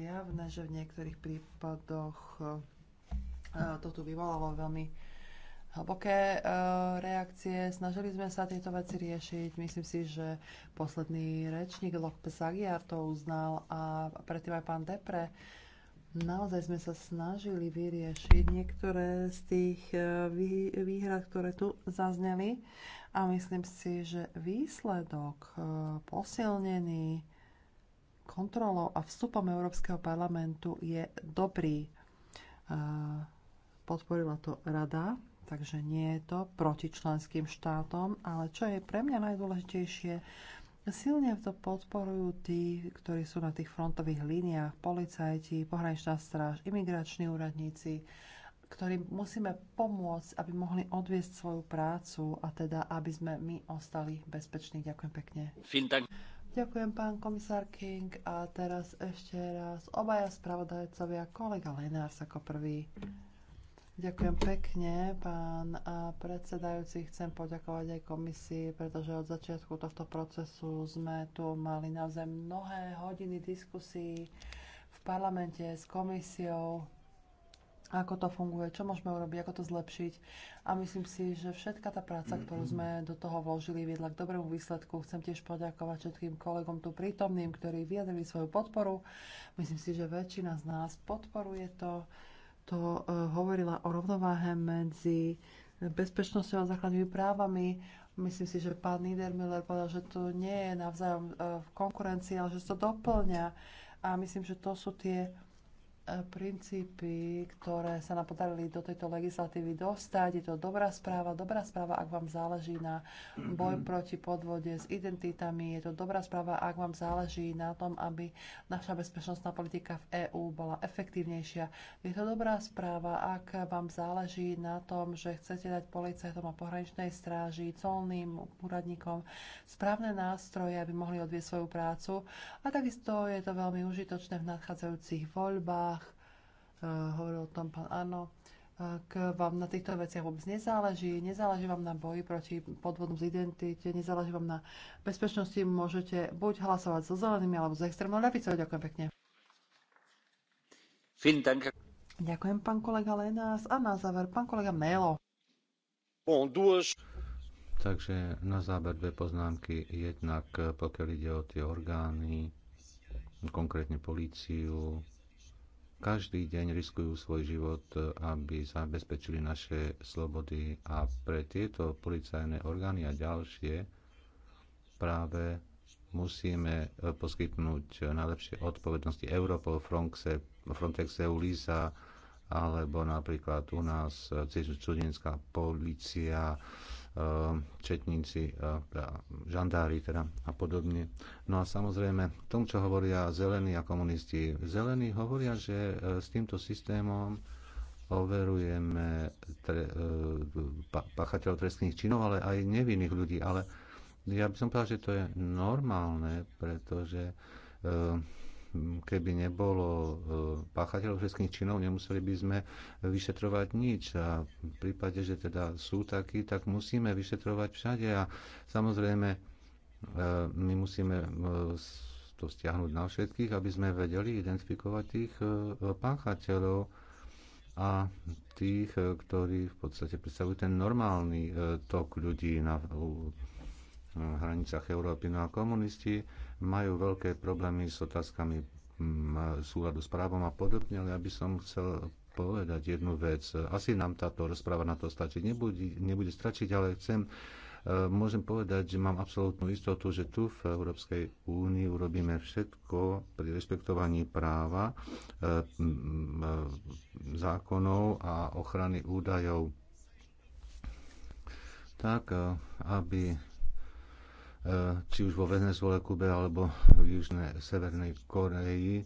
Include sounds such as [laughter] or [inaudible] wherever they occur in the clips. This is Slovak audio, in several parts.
zjavné, že v niektorých prípadoch e, to tu vyvolalo veľmi hlboké e, reakcie. Snažili sme sa tieto veci riešiť. Myslím si, že posledný rečník López Aguiar to uznal a predtým aj pán Depre. Naozaj sme sa snažili vyriešiť niektoré z tých e, výhrad, ktoré tu zazneli a myslím si, že výsledok posilnený kontrolou a vstupom Európskeho parlamentu je dobrý. Eh, podporila to rada, takže nie je to proti členským štátom, ale čo je pre mňa najdôležitejšie, silne to podporujú tí, ktorí sú na tých frontových líniách, policajti, pohraničná stráž, imigrační úradníci, ktorým musíme pomôcť, aby mohli odviesť svoju prácu a teda, aby sme my ostali bezpeční. Ďakujem pekne. Ďakujem, pán komisár King. A teraz ešte raz obaja spravodajcovia, kolega Lenárs ako prvý. Ďakujem pekne, pán predsedajúci. Chcem poďakovať aj komisii, pretože od začiatku tohto procesu sme tu mali naozaj mnohé hodiny diskusí v parlamente s komisiou ako to funguje, čo môžeme urobiť, ako to zlepšiť. A myslím si, že všetka tá práca, ktorú sme do toho vložili, viedla k dobrému výsledku. Chcem tiež poďakovať všetkým kolegom tu prítomným, ktorí vyjadrili svoju podporu. Myslím si, že väčšina z nás podporuje to. To uh, hovorila o rovnováhe medzi bezpečnosťou a základnými právami. Myslím si, že pán Niedermüller povedal, že to nie je navzájom uh, v konkurencii, ale že to doplňa. A myslím, že to sú tie princípy, ktoré sa nám podarili do tejto legislatívy dostať. Je to dobrá správa, dobrá správa, ak vám záleží na boj [clears throat] proti podvode s identitami. Je to dobrá správa, ak vám záleží na tom, aby naša bezpečnostná politika v EÚ bola efektívnejšia. Je to dobrá správa, ak vám záleží na tom, že chcete dať policajtom a pohraničnej stráži, colným úradníkom správne nástroje, aby mohli odvieť svoju prácu. A takisto je to veľmi užitočné v nadchádzajúcich voľbách Eh, hovoril o tom pán Arno, eh, k vám na týchto veciach vôbec nezáleží, nezáleží vám na boji proti podvodom z identite, nezáleží vám na bezpečnosti, môžete buď hlasovať so zelenými alebo s extrémnou ľavicou. Ďakujem pekne. Ďakujem, pán kolega Lenás. A na záver, pán kolega Melo. Takže na záver dve poznámky. Jednak eh, pokiaľ ide o tie orgány, konkrétne políciu, každý deň riskujú svoj život, e, aby zabezpečili naše slobody a pre tieto policajné orgány a ďalšie práve musíme e, poskytnúť e, najlepšie odpovednosti Europol, Frontexe, Frontex, EULISA alebo napríklad u nás cudinská policia, Eh, četníci, eh, žandári teda a podobne. No a samozrejme, tom, čo hovoria zelení a komunisti, zelení hovoria, že eh, s týmto systémom overujeme tre, pachateľov trestných činov, ale aj nevinných ľudí. Ale ja by som povedal, že to je normálne, pretože keby nebolo e, páchateľov všetkých činov, nemuseli by sme vyšetrovať nič. A v prípade, že teda sú takí, tak musíme vyšetrovať všade. A samozrejme, e, my musíme e, to stiahnuť na všetkých, aby sme vedeli identifikovať tých páchateľov a tých, ktorí v podstate predstavujú ten normálny tok ľudí na hranicách Európy. No a komunisti majú veľké problémy s otázkami mm, súladu s právom a podobne, ale ja by som chcel povedať jednu vec. Asi nám táto rozpráva na to stačí. nebude, nebude stačiť, ale chcem e, môžem povedať, že mám absolútnu istotu, že tu v Európskej únii urobíme všetko pri rešpektovaní práva, e, mm, e, zákonov a ochrany údajov tak, aby Eh, či už vo Venezuele, Kube alebo v Južnej Severnej Koreji. Eh,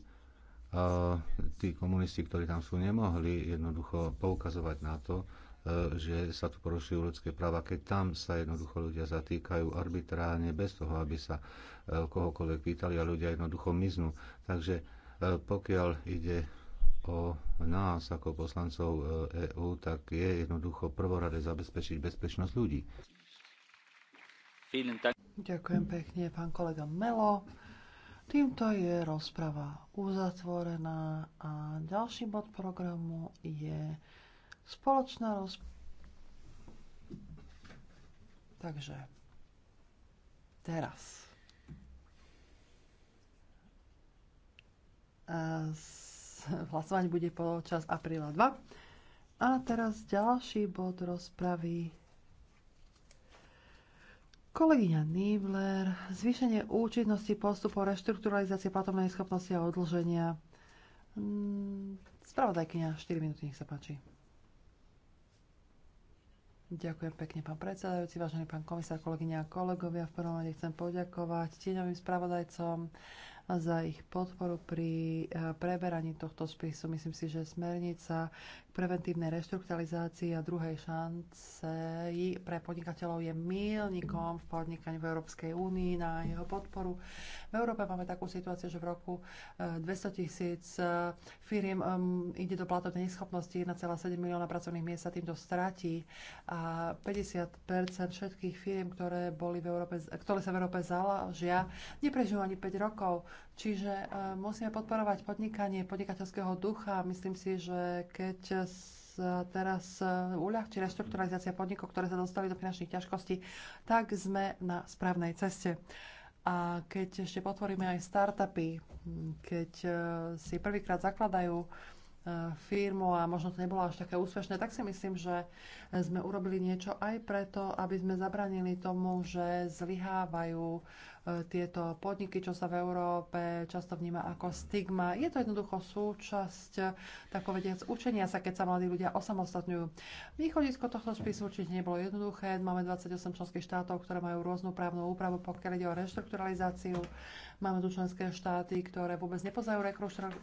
tí komunisti, ktorí tam sú, nemohli jednoducho poukazovať na to, eh, že sa tu porušujú ľudské práva, keď tam sa jednoducho ľudia zatýkajú arbitrálne bez toho, aby sa kohokoľvek pýtali a ľudia jednoducho miznú. Takže pokiaľ ide o nás ako poslancov EÚ, e tak je jednoducho prvoradé zabezpečiť bezpečnosť ľudí. Ďakujem pekne, pán kolega Melo. Týmto je rozprava uzatvorená a ďalší bod programu je spoločná rozprava. Takže teraz hlasovanie bude počas apríla 2. A teraz ďalší bod rozpravy Kolegyňa Nibler, zvýšenie účinnosti postupov reštrukturalizácie platobnej schopnosti a odlženia. Mm, spravodajkyňa, 4 minúty, nech sa páči. Ďakujem pekne, pán predsedajúci, vážený pán komisár, kolegyňa a kolegovia. V prvom rade chcem poďakovať tieňovým spravodajcom za ich podporu pri e, preberaní tohto spisu. Myslím si, že smernica k preventívnej reštrukturalizácii a druhej šance pre podnikateľov je milníkom v podnikaní v Európskej únii na jeho podporu. V Európe máme takú situáciu, že v roku 200 e, tisíc e, firiem ide do platobnej neschopnosti 1,7 milióna pracovných miest sa týmto stratí a 50 všetkých firiem, ktoré, boli v Európe, ktoré sa v Európe založia, neprežijú ani 5 rokov. Čiže e, musíme podporovať podnikanie podnikateľského ducha. Myslím si, že keď sa teraz e, uľahčí reštrukturalizácia podnikov, ktoré sa dostali do finančných ťažkostí, tak sme na správnej ceste. A keď ešte potvoríme aj startupy, keď e, si prvýkrát zakladajú firmu a možno to nebolo až také úspešné, tak si myslím, že sme urobili niečo aj preto, aby sme zabranili tomu, že zlyhávajú E, tieto podniky, čo sa v Európe často vníma ako stigma. Je to jednoducho súčasť, tak povediac, učenia sa, keď sa mladí ľudia osamostatňujú. Východisko tohto spisu určite nebolo jednoduché. Máme 28 členských štátov, ktoré majú rôznu právnu úpravu, pokiaľ ide o reštrukturalizáciu Máme tu členské štáty, ktoré vôbec nepoznajú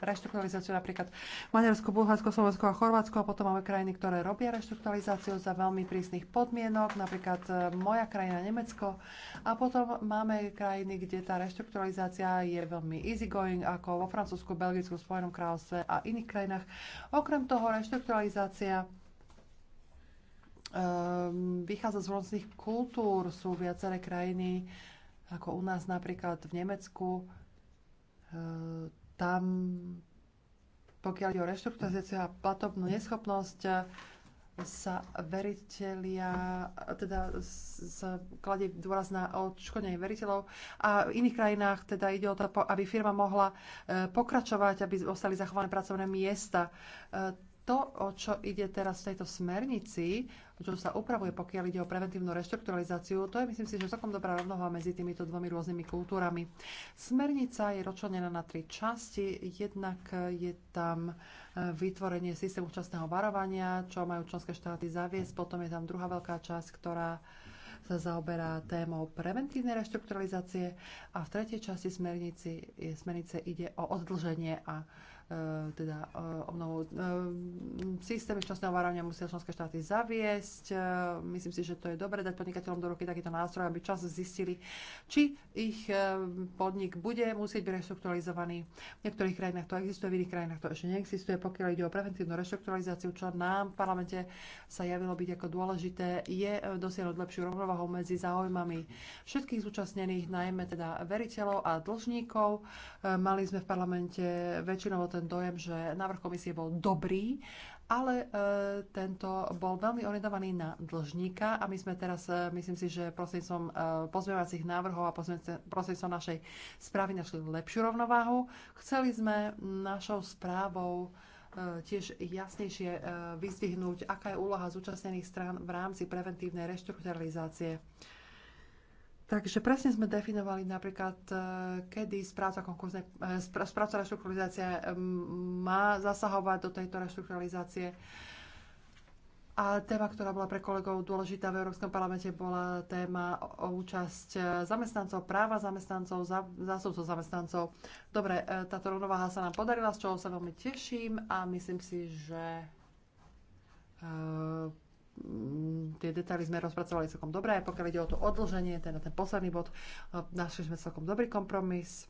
reštrukturalizáciu, napríklad Maďarsko, Bulharsko, Slovensko a Chorvátsko, a potom máme krajiny, ktoré robia reštrukturalizáciu za veľmi prísnych podmienok, napríklad e, moja krajina Nemecko. A potom máme krajiny, kde tá reštrukturalizácia je veľmi easygoing, ako vo Francúzsku, Belgicku, Spojenom kráľovstve a iných krajinách. Okrem toho reštrukturalizácia e, vychádza z rôznych kultúr, sú viaceré krajiny, ako u nás napríklad v Nemecku, e, tam pokiaľ je o reštrukturalizáciu a platobnú neschopnosť, sa veriteľia, teda sa kladie dôraz na odškodnenie veriteľov a v iných krajinách teda ide o to, aby firma mohla e, pokračovať, aby ostali zachované pracovné miesta. E, to, o čo ide teraz v tejto smernici, čo sa upravuje, pokiaľ ide o preventívnu reštrukturalizáciu, to je myslím si, že celkom dobrá rovnoha medzi týmito dvomi rôznymi kultúrami. Smernica je ročlenená na tri časti. Jednak je tam e, vytvorenie systému včasného varovania, čo majú členské štáty zaviesť. Potom je tam druhá veľká časť, ktorá sa zaoberá témou preventívnej reštrukturalizácie a v tretej časti smernici, smernice ide o oddlženie a E, teda e, obnovu e, systém včasného varovania musia členské štáty zaviesť. Myslím si, že to je dobre dať podnikateľom do ruky takýto nástroj, aby čas zistili, či ich podnik bude musieť byť reštrukturalizovaný. V niektorých krajinách to existuje, v iných krajinách to ešte neexistuje. Pokiaľ ide o preventívnu reštrukturalizáciu, čo nám v parlamente sa javilo byť ako dôležité, je dosiahnuť lepšiu rovnováhu medzi záujmami všetkých zúčastnených, najmä teda veriteľov a dlžníkov. Mali sme v parlamente väčšinou ten dojem, že návrh komisie bol dobrý, ale e, tento bol veľmi orientovaný na dlžníka a my sme teraz, e, myslím si, že prostredníctvom e, pozmeňovacích návrhov a prostredníctvom našej správy našli lepšiu rovnováhu. Chceli sme našou správou e, tiež jasnejšie e, vyzdvihnúť, aká je úloha zúčastnených strán v rámci preventívnej reštrukturalizácie. Takže presne sme definovali napríklad, e, kedy správca, konkurznej, e, reštrukturalizácie e, má zasahovať do tejto reštrukturalizácie. A téma, ktorá bola pre kolegov dôležitá v Európskom parlamente, bola téma o účasť zamestnancov, práva zamestnancov, zásobcov zamestnancov. Dobre, táto rovnováha sa nám podarila, z čoho sa veľmi teším a myslím si, že Mm, tie detaily sme rozpracovali celkom dobre, aj pokiaľ ide o to odlženie, ten, teda ten posledný bod, e, našli sme celkom dobrý kompromis.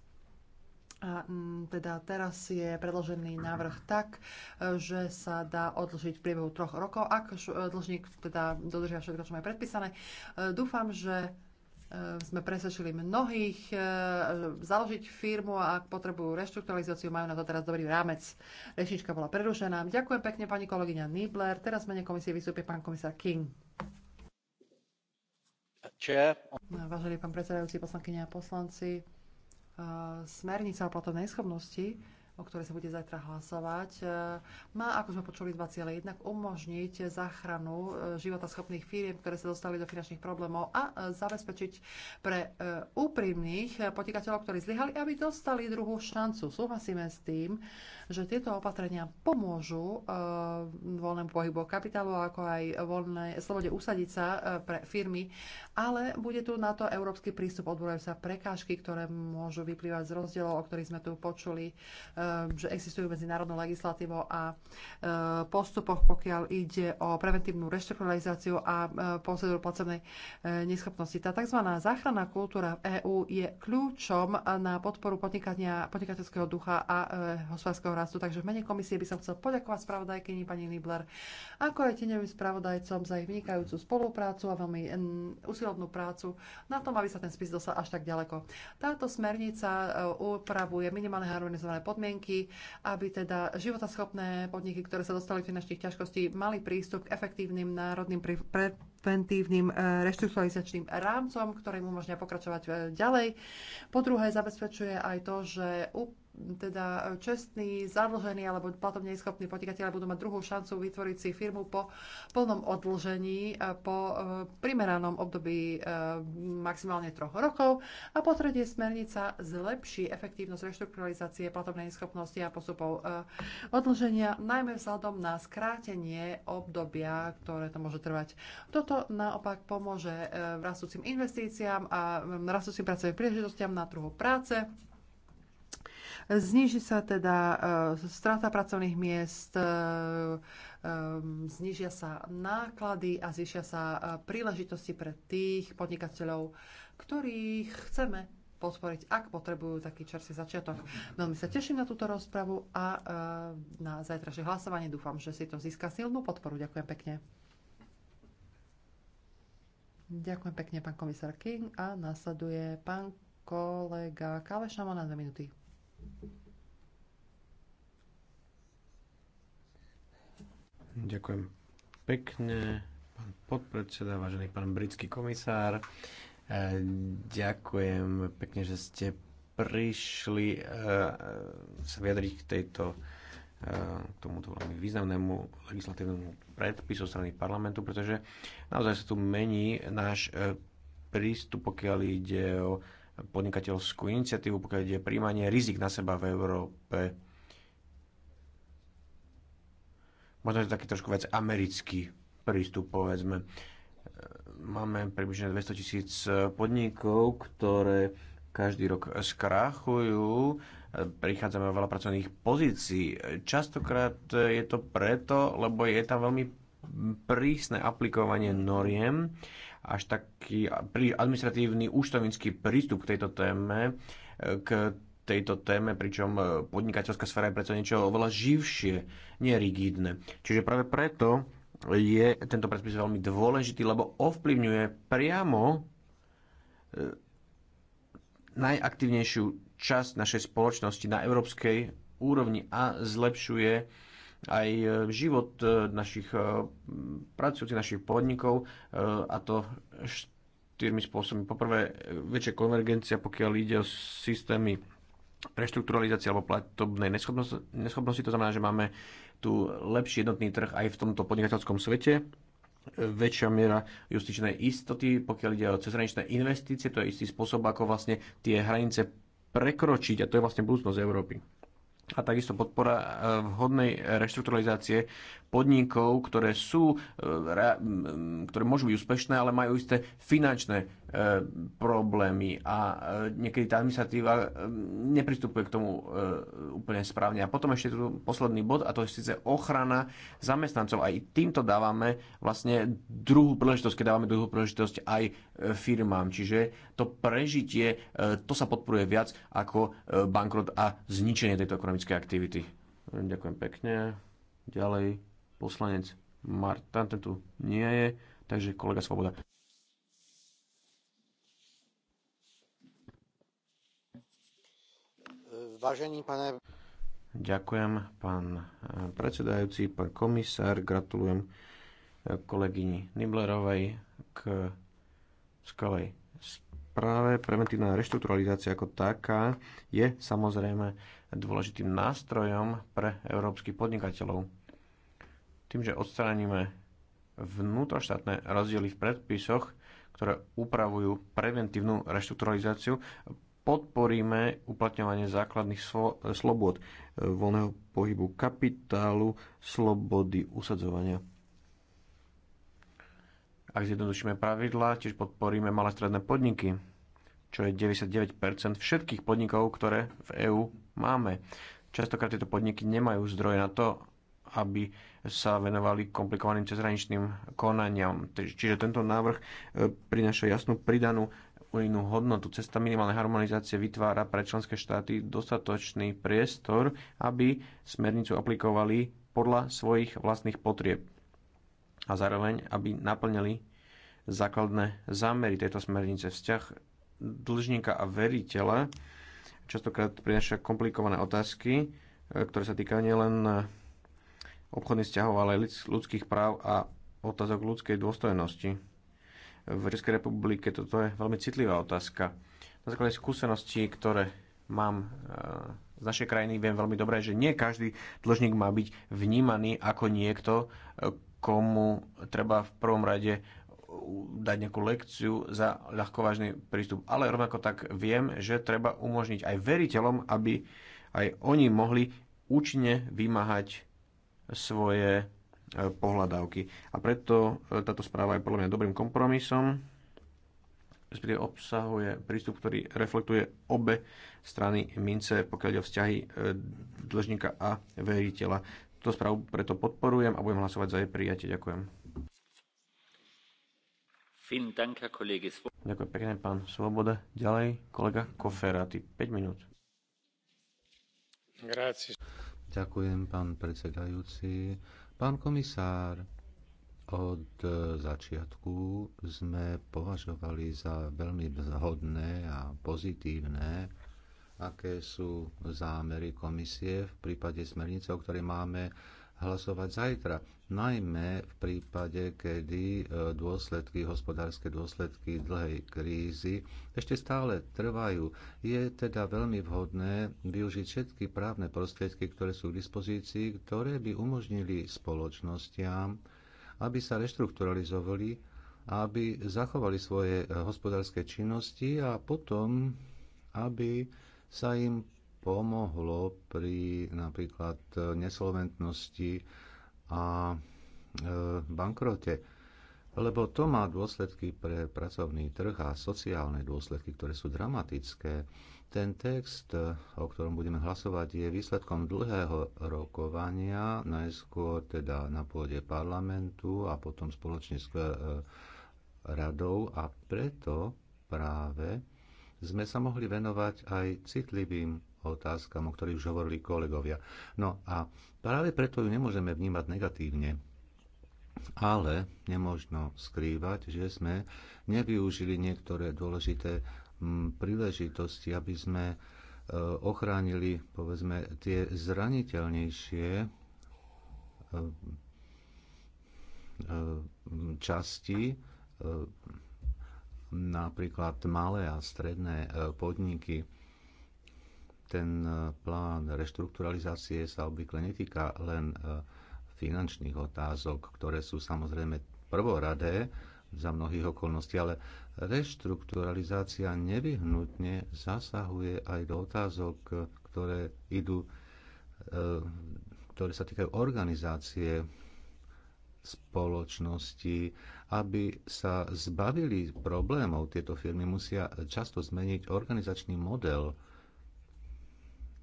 A mm, teda teraz je predložený návrh tak, e, že sa dá odložiť v priebehu troch rokov, ak dlžník teda dodržia všetko, čo je predpísané. E, dúfam, že Eh, sme presvedčili mnohých eh, založiť firmu a ak potrebujú reštrukturalizáciu, majú na to teraz dobrý rámec. Rešnička bola prerušená. Ďakujem pekne pani kolegyňa Nibler. Teraz mene komisie vystúpi pán komisár King. Vážený pán predsedajúci, poslankyňa a poslanci, eh, smernica o platovnej schopnosti o ktorej sa bude zajtra hlasovať, e, má, ako sme počuli, dva ciele. Jednak umožniť záchranu e, života schopných firiem, ktoré sa dostali do finančných problémov a e, zabezpečiť pre úprimných podnikateľov, ktorí zlyhali, aby dostali druhú šancu. Súhlasíme s tým, že tieto opatrenia pomôžu e, voľnému pohybu kapitálu, ako aj voľné slobode usadiť sa e, pre firmy, ale bude tu na to európsky prístup, odborajú sa prekážky, ktoré môžu vyplývať z rozdielov, o ktorých sme tu počuli, e, že existujú medzi národnou legislatívou a postupoch, pokiaľ ide o preventívnu reštrukturalizáciu a procedúru placenej neschopnosti. Tá tzv. záchranná kultúra v EÚ je kľúčom na podporu podnikania, podnikateľského ducha a hospodárskeho rastu. Takže v mene komisie by som chcel poďakovať spravodajkyni pani Nibler, ako aj teňovým spravodajcom za ich vynikajúcu spoluprácu a veľmi usilovnú prácu na tom, aby sa ten spis dostal až tak ďaleko. Táto smernica e, upravuje minimálne harmonizované podmienky, aby teda životaschopné podniky, ktoré sa dostali finančných ťažkostí, mali prístup k efektívnym národným pre preventívnym e, reštrukturalizačným rámcom, ktorý mu umožňa pokračovať e, ďalej. Po druhé, zabezpečuje aj to, že teda čestní, zadlžení alebo platobne neschopní podnikatelia budú mať druhú šancu vytvoriť si firmu po plnom odlžení, e, po primeranom období maximálne troch rokov. A po tretie, smernica zlepší efektívnosť reštrukturalizácie platobnej neschopnosti a postupov odlženia, najmä vzhľadom na skrátenie obdobia, ktoré to môže trvať. Toto toto naopak pomôže e, rastúcim investíciám a rastúcim pracovným príležitostiam na trhu práce. Zniží sa teda e, strata pracovných miest, e, znižia sa náklady a zvýšia sa príležitosti pre tých podnikateľov, ktorých chceme podporiť, ak potrebujú taký čerstvý začiatok. Veľmi sa teším na túto rozpravu a na zajtrajšie hlasovanie dúfam, že si to získa silnú podporu. Ďakujem pekne. Ďakujem pekne, pán komisár King. A nasleduje pán kolega Kaleša, na dve minúty. Ďakujem pekne, pán podpredseda, vážený pán britský komisár. E, ďakujem pekne, že ste prišli e, e, sa vyjadriť k tejto k tomuto veľmi významnému legislatívnemu predpisu strany parlamentu, pretože naozaj sa tu mení náš e, prístup, pokiaľ ide o podnikateľskú iniciatívu, pokiaľ ide príjmanie rizik na seba v Európe. Možno je to taký trošku vec americký prístup, povedzme. E, máme približne 200 tisíc podnikov, ktoré každý rok skrachujú, prichádzame o veľa pracovných pozícií. Častokrát je to preto, lebo je tam veľmi prísne aplikovanie noriem, až taký administratívny účtovnícky prístup k tejto téme, k tejto téme, pričom podnikateľská sféra je preto niečo oveľa živšie, nerigidné. Čiže práve preto je tento predpis veľmi dôležitý, lebo ovplyvňuje priamo e, najaktívnejšiu časť našej spoločnosti na európskej úrovni a zlepšuje aj e, život e, našich e, pracujúcich, našich podnikov a to štyrmi spôsobmi. Poprvé, väčšia konvergencia, pokiaľ ide o systémy reštrukturalizácie alebo platobnej neschopnosti, neschopnosti. To znamená, že máme tu lepší jednotný trh aj v tomto podnikateľskom svete väčšia miera justičnej istoty, pokiaľ ide o cezhraničné investície, to je istý spôsob, ako vlastne tie hranice prekročiť a to je vlastne budúcnosť Európy. A takisto podpora e, vhodnej reštrukturalizácie podnikov, ktoré sú, e, ktoré môžu byť úspešné, ale majú isté finančné problémy a e, niekedy tá administratíva e, nepristupuje k tomu e, úplne správne. A potom ešte tu posledný bod a to je síce ochrana zamestnancov. Aj týmto dávame vlastne druhú príležitosť, keď dávame druhú príležitosť aj firmám. Čiže to prežitie, to sa podporuje viac ako bankrot a zničenie tejto ekonomickej aktivity. Ďakujem pekne. Ďalej poslanec Martin, ten tu nie je, takže kolega Svoboda. Vážený pane... Ďakujem, pán eh, predsedajúci, pán komisár. Gratulujem eh, kolegyni Niblerovej k skvelej správe. preventívna reštrukturalizácia ako taká je samozrejme dôležitým nástrojom pre európskych podnikateľov. Tým, že odstránime vnútroštátne rozdiely v predpisoch, ktoré upravujú preventívnu reštrukturalizáciu, podporíme uplatňovanie základných slobod, eh, voľného pohybu kapitálu, slobody usadzovania. Ak zjednodušíme pravidlá, tiež podporíme malé stredné podniky, čo je 99% všetkých podnikov, ktoré v EÚ máme. Častokrát tieto podniky nemajú zdroje na to, aby sa venovali komplikovaným cezhraničným konaniam. Čiže tento návrh eh, prináša jasnú pridanú unijnú hodnotu. Cesta minimálnej harmonizácie vytvára pre členské štáty dostatočný priestor, aby smernicu aplikovali podľa svojich vlastných potrieb a zároveň, aby naplňali základné zámery tejto smernice. Vzťah dlžníka a veriteľa častokrát prináša komplikované otázky, e, ktoré sa týkajú nielen obchodných vzťahov, ale aj ľudských práv a otázok ľudskej dôstojnosti v Českej republike. Toto je veľmi citlivá otázka. Na základe skúseností, ktoré mám e, z našej krajiny, viem veľmi dobre, že nie každý dlžník má byť vnímaný ako niekto, e, komu treba v prvom rade dať nejakú lekciu za ľahkovážny prístup. Ale rovnako tak viem, že treba umožniť aj veriteľom, aby aj oni mohli účinne vymáhať svoje E, pohľadávky. A preto e, táto správa je podľa mňa dobrým kompromisom, respektíve obsahuje prístup, ktorý reflektuje obe strany mince, pokiaľ ide o vzťahy e, dlžníka a veriteľa. Túto správu preto podporujem a budem hlasovať za jej prijatie. Ďakujem. Ďakujem pekne, pán Svoboda. Ďalej, kolega Koferati, 5 minút. Grazie. Ďakujem, pán predsedajúci Pán komisár, od e, začiatku sme považovali za veľmi vhodné a pozitívne, aké sú zámery komisie v prípade smernice, o ktorej máme hlasovať zajtra. Najmä v prípade, kedy e, dôsledky, hospodárske dôsledky dlhej krízy ešte stále trvajú. Je teda veľmi vhodné využiť všetky právne prostriedky, ktoré sú k dispozícii, ktoré by umožnili spoločnostiam, aby sa reštrukturalizovali, aby zachovali svoje e, hospodárske činnosti a potom, aby sa im pomohlo pri napríklad nesolventnosti a e, bankrote. Lebo to má dôsledky pre pracovný trh a sociálne dôsledky, ktoré sú dramatické. Ten text, o ktorom budeme hlasovať, je výsledkom dlhého rokovania, najskôr teda na pôde parlamentu a potom spoločne s e, radou a preto práve sme sa mohli venovať aj citlivým otázkam, o ktorých už hovorili kolegovia. No a práve preto ju nemôžeme vnímať negatívne, ale nemožno skrývať, že sme nevyužili niektoré dôležité mm, príležitosti, aby sme e, ochránili povedzme tie zraniteľnejšie e, e, časti napríklad malé a stredné podniky ten e, plán reštrukturalizácie sa obvykle netýka len e, finančných otázok, ktoré sú samozrejme prvoradé za mnohých okolností, ale reštrukturalizácia nevyhnutne zasahuje aj do otázok, ktoré idú, e, ktoré sa týkajú organizácie spoločnosti, aby sa zbavili problémov. Tieto firmy musia často zmeniť organizačný model,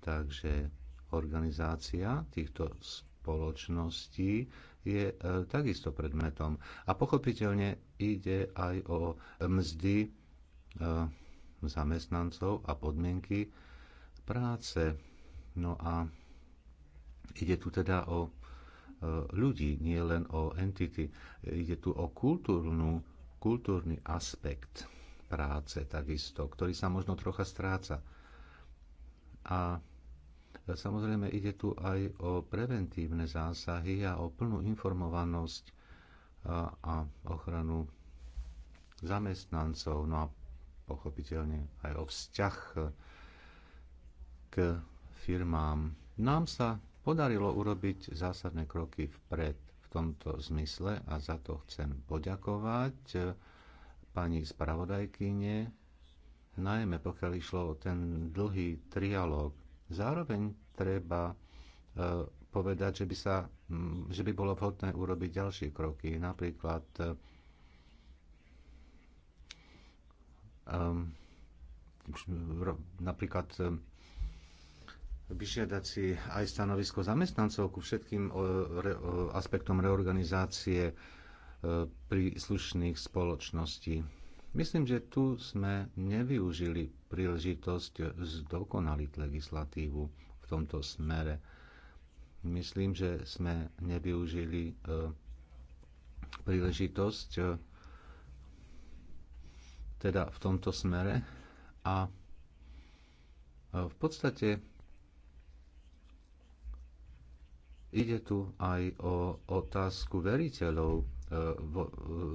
Takže organizácia týchto spoločností je e, takisto predmetom. A pochopiteľne ide aj o mzdy e, zamestnancov a podmienky práce. No a ide tu teda o e, ľudí, nie len o entity. Ide tu o kultúrnu, kultúrny aspekt práce takisto, ktorý sa možno trocha stráca. A Samozrejme, ide tu aj o preventívne zásahy a o plnú informovanosť a, a ochranu zamestnancov, no a pochopiteľne aj o vzťah k firmám. Nám sa podarilo urobiť zásadné kroky vpred v tomto zmysle a za to chcem poďakovať pani spravodajkyne, najmä pokiaľ išlo o ten dlhý trialóg Zároveň treba e, povedať, že by, sa, že by bolo vhodné urobiť ďalšie kroky, napríklad e, e, napríklad vyžiadať si aj stanovisko zamestnancov ku všetkým aspektom reorganizácie príslušných spoločností. Myslím, že tu sme nevyužili príležitosť zdokonaliť legislatívu v tomto smere. Myslím, že sme nevyužili e, príležitosť e, teda v tomto smere a e, v podstate ide tu aj o otázku veriteľov, v e,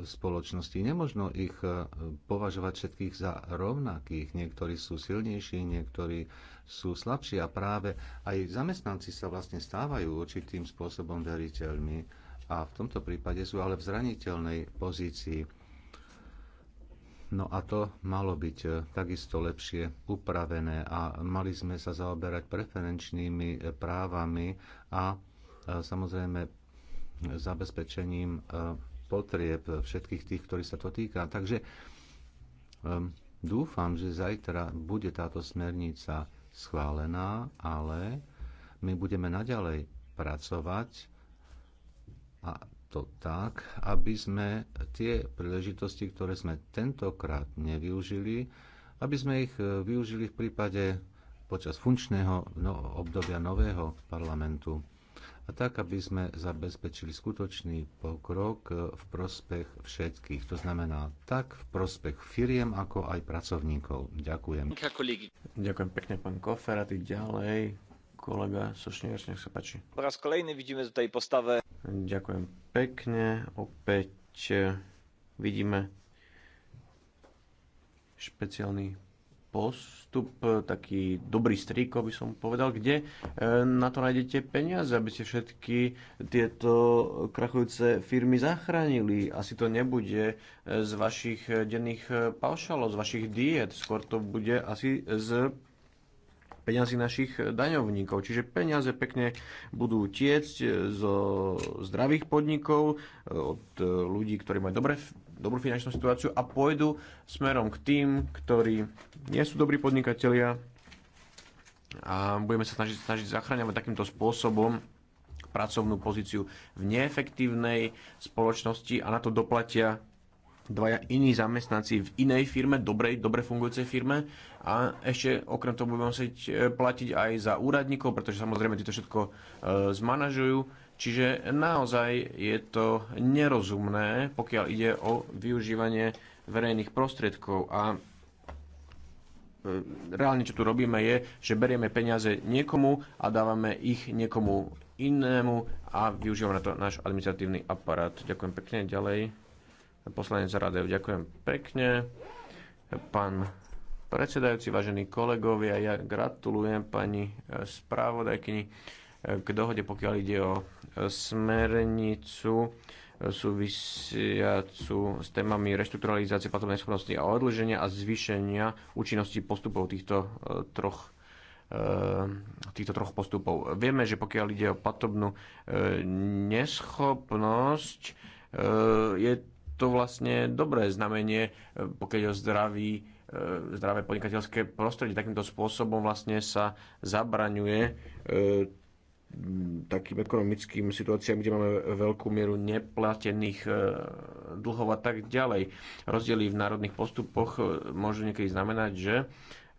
spoločnosti. Nemožno ich e, považovať všetkých za rovnakých. Niektorí sú silnejší, niektorí sú slabší a práve aj zamestnanci sa vlastne stávajú určitým spôsobom veriteľmi a v tomto prípade sú ale v zraniteľnej pozícii. No a to malo byť e, takisto lepšie upravené a mali sme sa zaoberať preferenčnými právami a samozrejme zabezpečením eh, potrieb všetkých tých, ktorí sa to týka. Takže ehm, dúfam, že zajtra bude táto smernica schválená, ale my budeme naďalej pracovať a to tak, aby sme tie príležitosti, ktoré sme tentokrát nevyužili, aby sme ich eh, využili v prípade počas funkčného no, obdobia nového parlamentu a tak, aby sme zabezpečili skutočný pokrok v prospech všetkých. To znamená tak v prospech firiem, ako aj pracovníkov. Ďakujem. Ďakujem pekne, pán Kofer. A ty ďalej, kolega Sošnier, nech sa páči. Raz kolejný vidíme tutaj postave. Ďakujem pekne. Opäť eh, vidíme špeciálny postup, e, taký dobrý strik, by som povedal, kde e, na to nájdete peniaze, aby ste všetky tieto krachujúce firmy zachránili. Asi to nebude e, z vašich denných paušalov, z vašich diet, skôr to bude asi z peňazí našich eh, daňovníkov. Čiže peniaze pekne budú tiecť eh, zo zdravých podnikov, eh, od ľudí, ktorí majú dobré, dobrú finančnú situáciu a pôjdu smerom k tým, ktorí nie sú dobrí podnikatelia a budeme sa snažiť, snažiť zachráňovať takýmto spôsobom pracovnú pozíciu v neefektívnej spoločnosti a na to doplatia dvaja iní zamestnanci v inej firme, dobrej, dobre fungujúcej firme a ešte okrem toho budeme musieť e, platiť aj za úradníkov, pretože samozrejme tieto všetko e, zmanažujú. Čiže naozaj je to nerozumné, pokiaľ ide o využívanie verejných prostriedkov a e, reálne čo tu robíme je, že berieme peniaze niekomu a dávame ich niekomu inému a využívame na to náš administratívny aparát. Ďakujem pekne. Ďalej poslanec Radev. Ďakujem pekne. Pán predsedajúci, vážení kolegovia, ja gratulujem pani správodajkyni k dohode, pokiaľ ide o smernicu súvisiacu s témami reštrukturalizácie platobnej schopnosti a odlženia a zvýšenia účinnosti postupov týchto eh, troch eh, týchto troch postupov. Vieme, že pokiaľ ide o platobnú eh, neschopnosť, je to vlastne dobré znamenie, e, pokiaľ o zdraví, e, zdravé podnikateľské prostredie. Takýmto spôsobom vlastne sa zabraňuje e, takým ekonomickým situáciám, kde máme veľkú mieru neplatených dlhov a tak ďalej. Rozdiely v národných postupoch môžu niekedy znamenať, že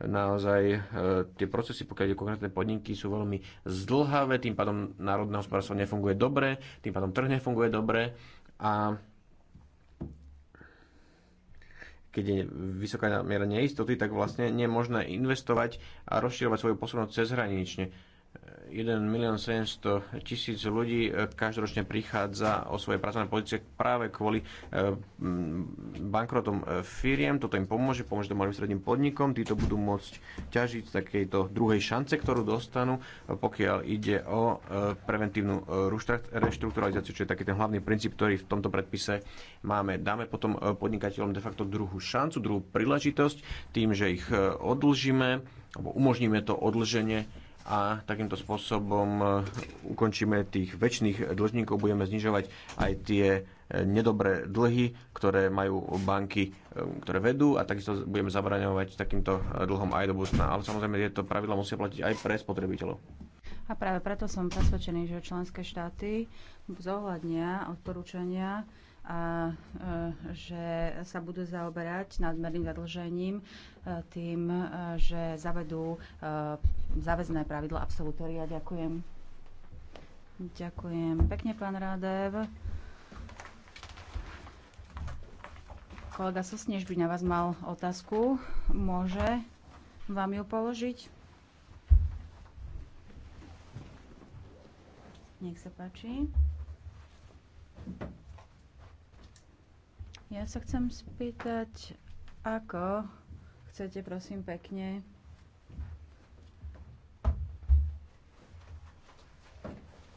naozaj tie procesy, pokiaľ ide konkrétne podniky, sú veľmi zdlhavé, tým pádom národné hospodárstvo nefunguje dobre, tým pádom trh nefunguje dobre a keď je vysoká miera neistoty, tak vlastne nie je možné investovať a rozširovať svoju posobnosť cezhranične. 1 milión 700 tisíc ľudí e, každoročne prichádza o svoje pracovné pozície práve kvôli e, bankrotom e, firiem. Toto im pomôže, pomôže to malým stredným podnikom. Títo budú môcť ťažiť takejto druhej šance, ktorú dostanú, pokiaľ ide o preventívnu reštrukturalizáciu, čo je taký ten hlavný princíp, ktorý v tomto predpise máme. Dáme potom podnikateľom de facto druhú šancu, druhú príležitosť tým, že ich odlžíme alebo umožníme to odlženie a takýmto spôsobom e, ukončíme tých väčšných dlžníkov, budeme znižovať aj tie e, nedobré dlhy, ktoré majú banky, e, ktoré vedú a takisto budeme zabraňovať takýmto dlhom aj do budúcna. Ale samozrejme tieto pravidla musia platiť aj pre spotrebiteľov. A práve preto som presvedčený, že členské štáty zohľadnia odporúčania a že sa budú zaoberať nadmerným zadlžením tým, e, že zavedú e, záväzné pravidlo absolutória. Ďakujem. Ďakujem pekne, pán Rádev. Kolega Sosnež by na vás mal otázku. Môže vám ju položiť? Nech sa páči. Ja sa chcem spýtať, ako chcete, prosím pekne.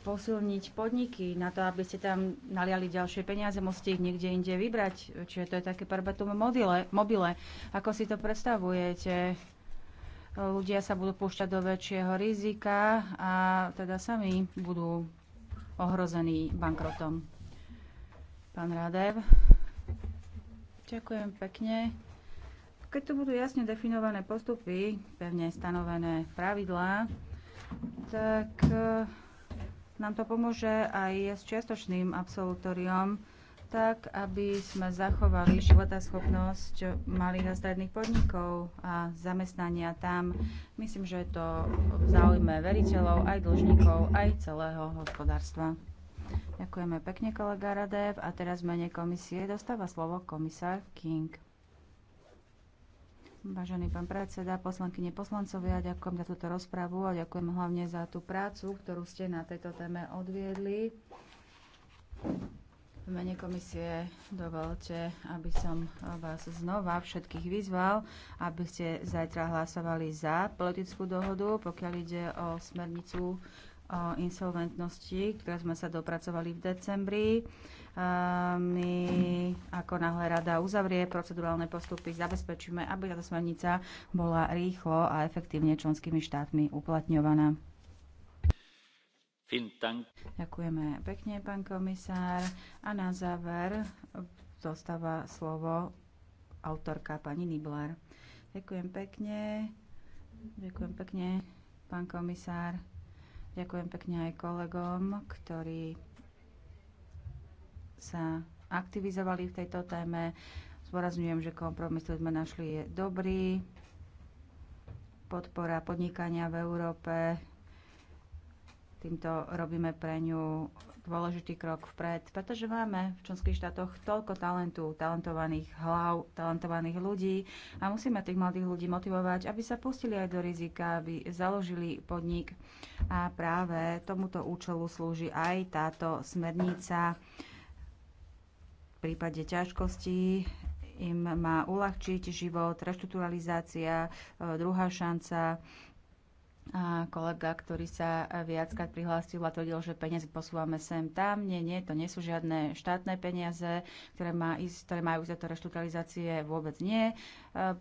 posilniť podniky na to, aby ste tam naliali ďalšie peniaze, musíte ich niekde inde vybrať. Čiže to je také perpetuum mobile, mobile. Ako si to predstavujete? Ľudia sa budú púšťať do väčšieho rizika a teda sami budú ohrození bankrotom. Pán Radev. Ďakujem pekne. Keď tu budú jasne definované postupy, pevne stanovené pravidlá, tak eh, nám to pomôže aj s čiastočným absolutóriom, tak aby sme zachovali životaschopnosť malých a stredných podnikov a zamestnania tam. Myslím, že je to v záujme veriteľov, aj dlžníkov, aj celého hospodárstva. Ďakujeme pekne, kolega Radev. A teraz mene komisie dostáva slovo komisár King. Vážený pán predseda, poslankyne poslancovia, ďakujem za túto rozpravu a ďakujem hlavne za tú prácu, ktorú ste na tejto téme odviedli. V mene komisie dovolte, aby som vás znova všetkých vyzval, aby ste zajtra hlasovali za politickú dohodu, pokiaľ ide o smernicu o insolventnosti, ktoré sme sa dopracovali v decembri my, ako náhle rada uzavrie procedurálne postupy, zabezpečíme, aby táto smernica bola rýchlo a efektívne členskými štátmi uplatňovaná. Ďakujeme pekne, pán komisár. A na záver dostáva slovo autorka pani Nibler. Ďakujem pekne. Ďakujem pekne, pán komisár. Ďakujem pekne aj kolegom, ktorí sa aktivizovali v tejto téme. Zvorazňujem, že kompromis, ktorý sme našli, je dobrý. Podpora podnikania v Európe. Týmto robíme pre ňu dôležitý krok vpred, pretože máme v členských štátoch toľko talentu, talentovaných hlav, talentovaných ľudí a musíme tých mladých ľudí motivovať, aby sa pustili aj do rizika, aby založili podnik. A práve tomuto účelu slúži aj táto smernica prípade ťažkostí im má uľahčiť život, reštrukturalizácia, e, druhá šanca. A kolega, ktorý sa viackrát prihlásil a tvrdil, že peniaze posúvame sem tam. Nie, nie, to nie sú žiadne štátne peniaze, ktoré, má ísť, ktoré majú ísť to reštrukturalizácie, vôbec nie. E,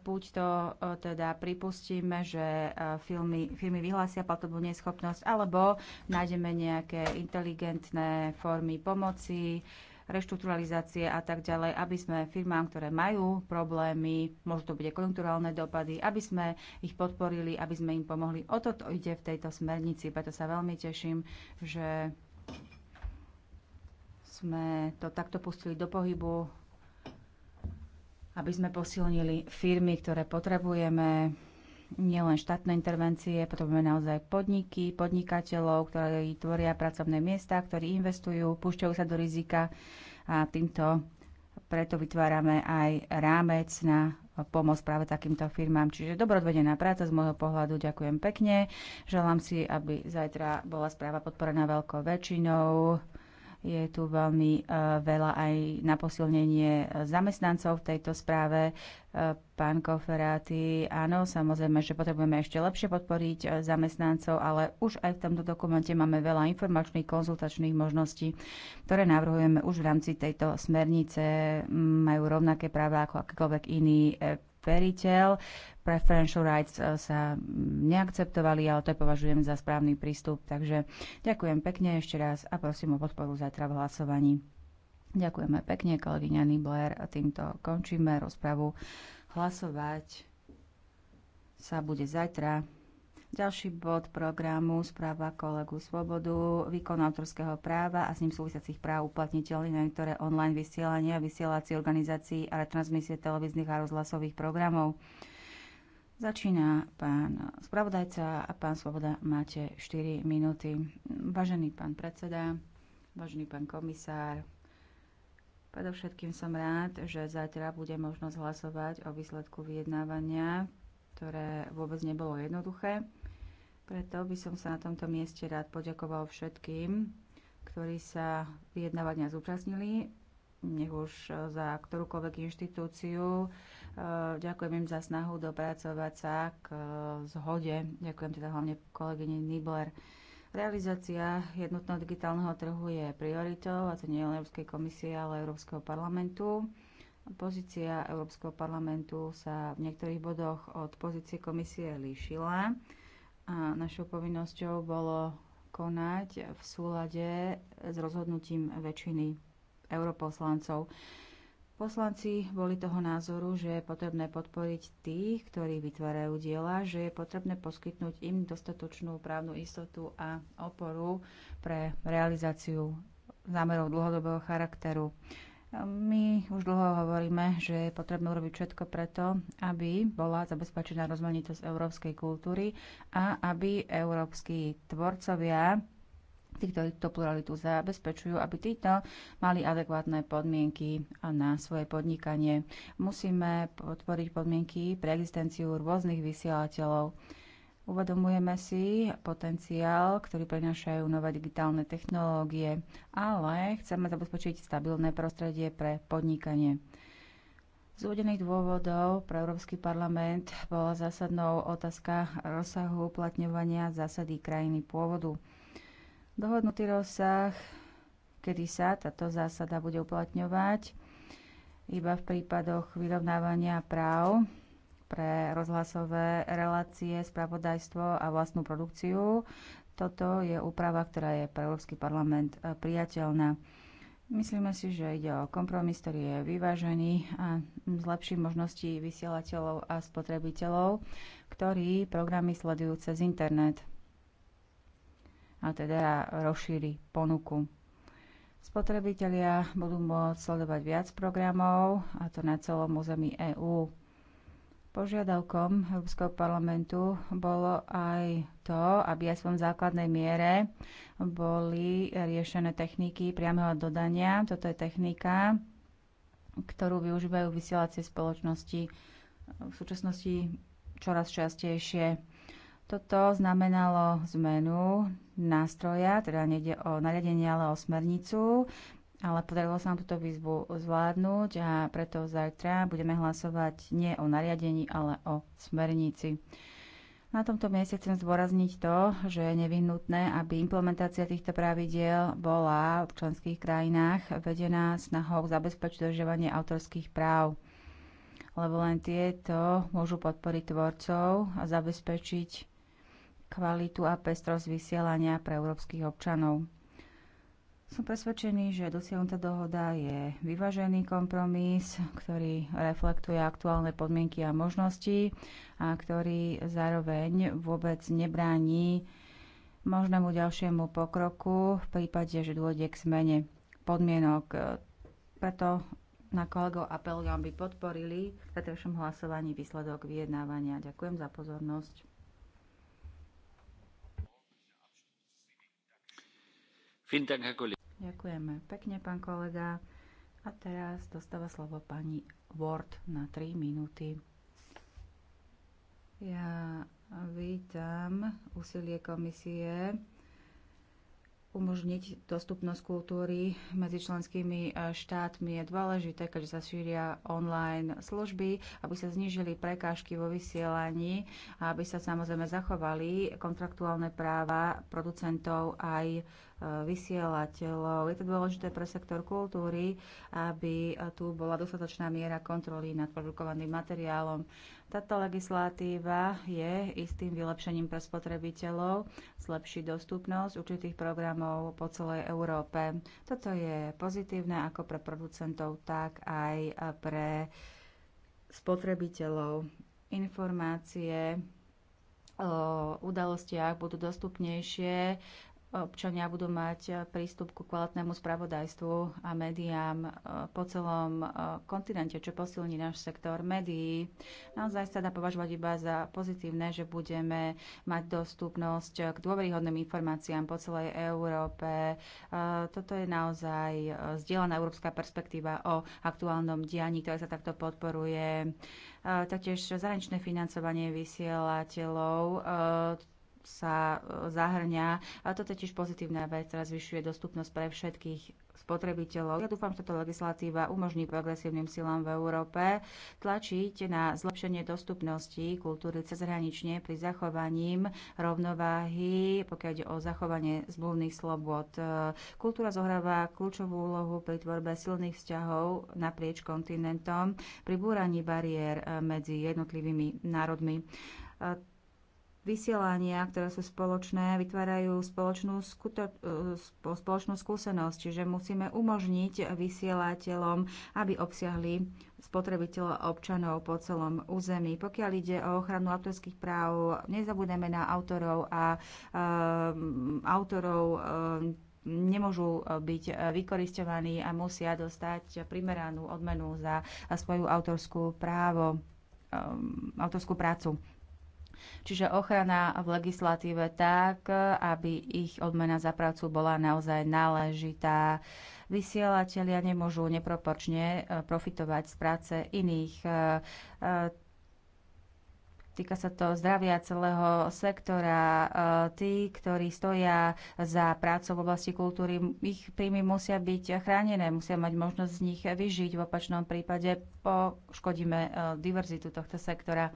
buď to e, teda pripustíme, že firmy, firmy vyhlásia platobnú neschopnosť, alebo nájdeme nejaké inteligentné formy pomoci, reštrukturalizácie a tak ďalej, aby sme firmám, ktoré majú problémy, možno to bude konjunkturálne dopady, aby sme ich podporili, aby sme im pomohli. O toto ide v tejto smernici, preto sa veľmi teším, že sme to takto pustili do pohybu, aby sme posilnili firmy, ktoré potrebujeme, nielen štátne intervencie, potrebujeme naozaj podniky, podnikateľov, ktorí tvoria pracovné miesta, ktorí investujú, púšťajú sa do rizika a týmto preto vytvárame aj rámec na pomoc práve takýmto firmám. Čiže dobrodvedená práca z môjho pohľadu. Ďakujem pekne. Želám si, aby zajtra bola správa podporená veľkou väčšinou. Je tu veľmi eh, veľa aj na posilnenie eh, zamestnancov v tejto správe. Eh, pán Koferáty, áno, samozrejme, že potrebujeme ešte lepšie podporiť zamestnancov, ale už aj v tomto dokumente máme veľa informačných, konzultačných možností, ktoré navrhujeme už v rámci tejto smernice. Mm, majú rovnaké práva ako akýkoľvek iný veriteľ. Preferential rights eh, sa neakceptovali, ale to považujem za správny prístup. Takže ďakujem pekne ešte raz a prosím o podporu zajtra v hlasovaní. Ďakujeme pekne, kolegyňa Nibler. A týmto končíme rozpravu. Hlasovať sa bude zajtra. Ďalší bod programu správa kolegu Svobodu, výkon autorského práva a s ním súvisiacich práv uplatniteľných na niektoré online vysielania, vysielacie organizácií a retransmisie televíznych a rozhlasových programov. Začína pán spravodajca a pán Svoboda, máte 4 minúty. Vážený pán predseda, vážený pán komisár, predovšetkým som rád, že zajtra bude možnosť hlasovať o výsledku vyjednávania, ktoré vôbec nebolo jednoduché preto by som sa na tomto mieste rád poďakoval všetkým, ktorí sa vyjednávania zúčastnili, nech už e, za ktorúkoľvek inštitúciu. E, ďakujem im za snahu dopracovať sa k e, zhode. Ďakujem teda hlavne kolegyni Nibler. Realizácia jednotného digitálneho trhu je prioritou, a to nie len Európskej komisie, ale Európskeho parlamentu. Pozícia Európskeho parlamentu sa v niektorých bodoch od pozície komisie líšila. A našou povinnosťou bolo konať v súlade s rozhodnutím väčšiny europoslancov. Poslanci boli toho názoru, že je potrebné podporiť tých, ktorí vytvárajú diela, že je potrebné poskytnúť im dostatočnú právnu istotu a oporu pre realizáciu zámerov dlhodobého charakteru. My už dlho hovoríme, že je potrebné urobiť všetko preto, aby bola zabezpečená rozmanitosť európskej kultúry a aby európsky tvorcovia tí, ktorí túto pluralitu zabezpečujú, aby títo mali adekvátne podmienky na svoje podnikanie. Musíme podporiť podmienky pre existenciu rôznych vysielateľov. Uvedomujeme si potenciál, ktorý prinášajú nové digitálne technológie, ale chceme zabezpečiť stabilné prostredie pre podnikanie. Z údených dôvodov pre Európsky parlament bola zásadnou otázka rozsahu uplatňovania zásady krajiny pôvodu. Dohodnutý rozsah, kedy sa táto zásada bude uplatňovať, iba v prípadoch vyrovnávania práv pre rozhlasové relácie, spravodajstvo a vlastnú produkciu. Toto je úprava, ktorá je pre Európsky parlament e, priateľná. Myslíme si, že ide o kompromis, ktorý je vyvážený a zlepší možnosti vysielateľov a spotrebiteľov, ktorí programy sledujú cez internet a teda rozšíri ponuku. Spotrebitelia budú môcť sledovať viac programov, a to na celom území EÚ. Požiadavkom Európskeho parlamentu bolo aj to, aby aj v základnej miere boli riešené techniky priameho dodania. Toto je technika, ktorú využívajú vysielacie spoločnosti v súčasnosti čoraz častejšie. Toto znamenalo zmenu nástroja, teda nejde o nariadenie, ale o smernicu ale podarilo sa nám túto výzvu zvládnuť a preto zajtra budeme hlasovať nie o nariadení, ale o smernici. Na tomto mieste chcem zdôrazniť to, že je nevyhnutné, aby implementácia týchto pravidiel bola v členských krajinách vedená snahou zabezpečiť dodržiavanie autorských práv lebo len tieto môžu podporiť tvorcov a zabezpečiť kvalitu a pestrosť vysielania pre európskych občanov. Som presvedčený, že dosiahnutá dohoda je vyvážený kompromis, ktorý reflektuje aktuálne podmienky a možnosti a ktorý zároveň vôbec nebráni možnému ďalšiemu pokroku v prípade, že dôjde k zmene podmienok. Preto na kolegov apelujem, aby podporili v hlasovaní výsledok vyjednávania. Ďakujem za pozornosť. Ďakujeme pekne, pán kolega. A teraz dostáva slovo pani Ward na 3 minúty. Ja vítam úsilie komisie umožniť dostupnosť kultúry medzi členskými e, štátmi je dôležité, keďže sa šíria online služby, aby sa znížili prekážky vo vysielaní a aby sa samozrejme zachovali kontraktuálne práva producentov aj vysielateľov. Je to dôležité pre sektor kultúry, aby tu bola dostatočná miera kontroly nad produkovaným materiálom. Táto legislatíva je istým vylepšením pre spotrebiteľov, zlepší dostupnosť určitých programov po celej Európe. Toto je pozitívne ako pre producentov, tak aj pre spotrebiteľov. Informácie o udalostiach budú dostupnejšie občania budú mať e, prístup ku kvalitnému spravodajstvu a médiám e, po celom e, kontinente, čo posilní náš sektor médií. Naozaj sa dá považovať iba za pozitívne, že budeme mať dostupnosť k dôveryhodným informáciám po celej Európe. Toto je naozaj zdieľaná európska perspektíva o aktuálnom dianí, ktoré sa takto podporuje. Taktiež zahraničné financovanie vysielateľov sa e, zahrňa. A toto je tiež pozitívna vec, ktorá zvyšuje dostupnosť pre všetkých spotrebiteľov. Ja dúfam, že táto legislatíva umožní progresívnym silám v Európe tlačiť na zlepšenie dostupnosti kultúry cezhranične pri zachovaním rovnováhy, pokiaľ ide o zachovanie zmluvných slobod. E, Kultúra zohráva kľúčovú úlohu pri tvorbe silných vzťahov naprieč kontinentom, pri búraní bariér e, medzi jednotlivými národmi vysielania, ktoré sú spoločné, vytvárajú spoločnú, skuto, eh, spoločnú skúsenosť, čiže musíme umožniť vysielateľom, aby obsiahli spotrebiteľov občanov po celom území. Pokiaľ ide o ochranu autorských práv, nezabudeme na autorov a e, autorov e, nemôžu byť vykoristovaní a musia dostať primeranú odmenu za svoju autorskú právo, autorskú prácu. Čiže ochrana v legislatíve tak, aby ich odmena za prácu bola naozaj náležitá. Vysielatelia nemôžu neproporčne e, profitovať z práce iných. E, e, týka sa to zdravia celého sektora. Tí, ktorí stoja za prácou v oblasti kultúry, ich príjmy musia byť chránené, musia mať možnosť z nich vyžiť. V opačnom prípade poškodíme diverzitu tohto sektora.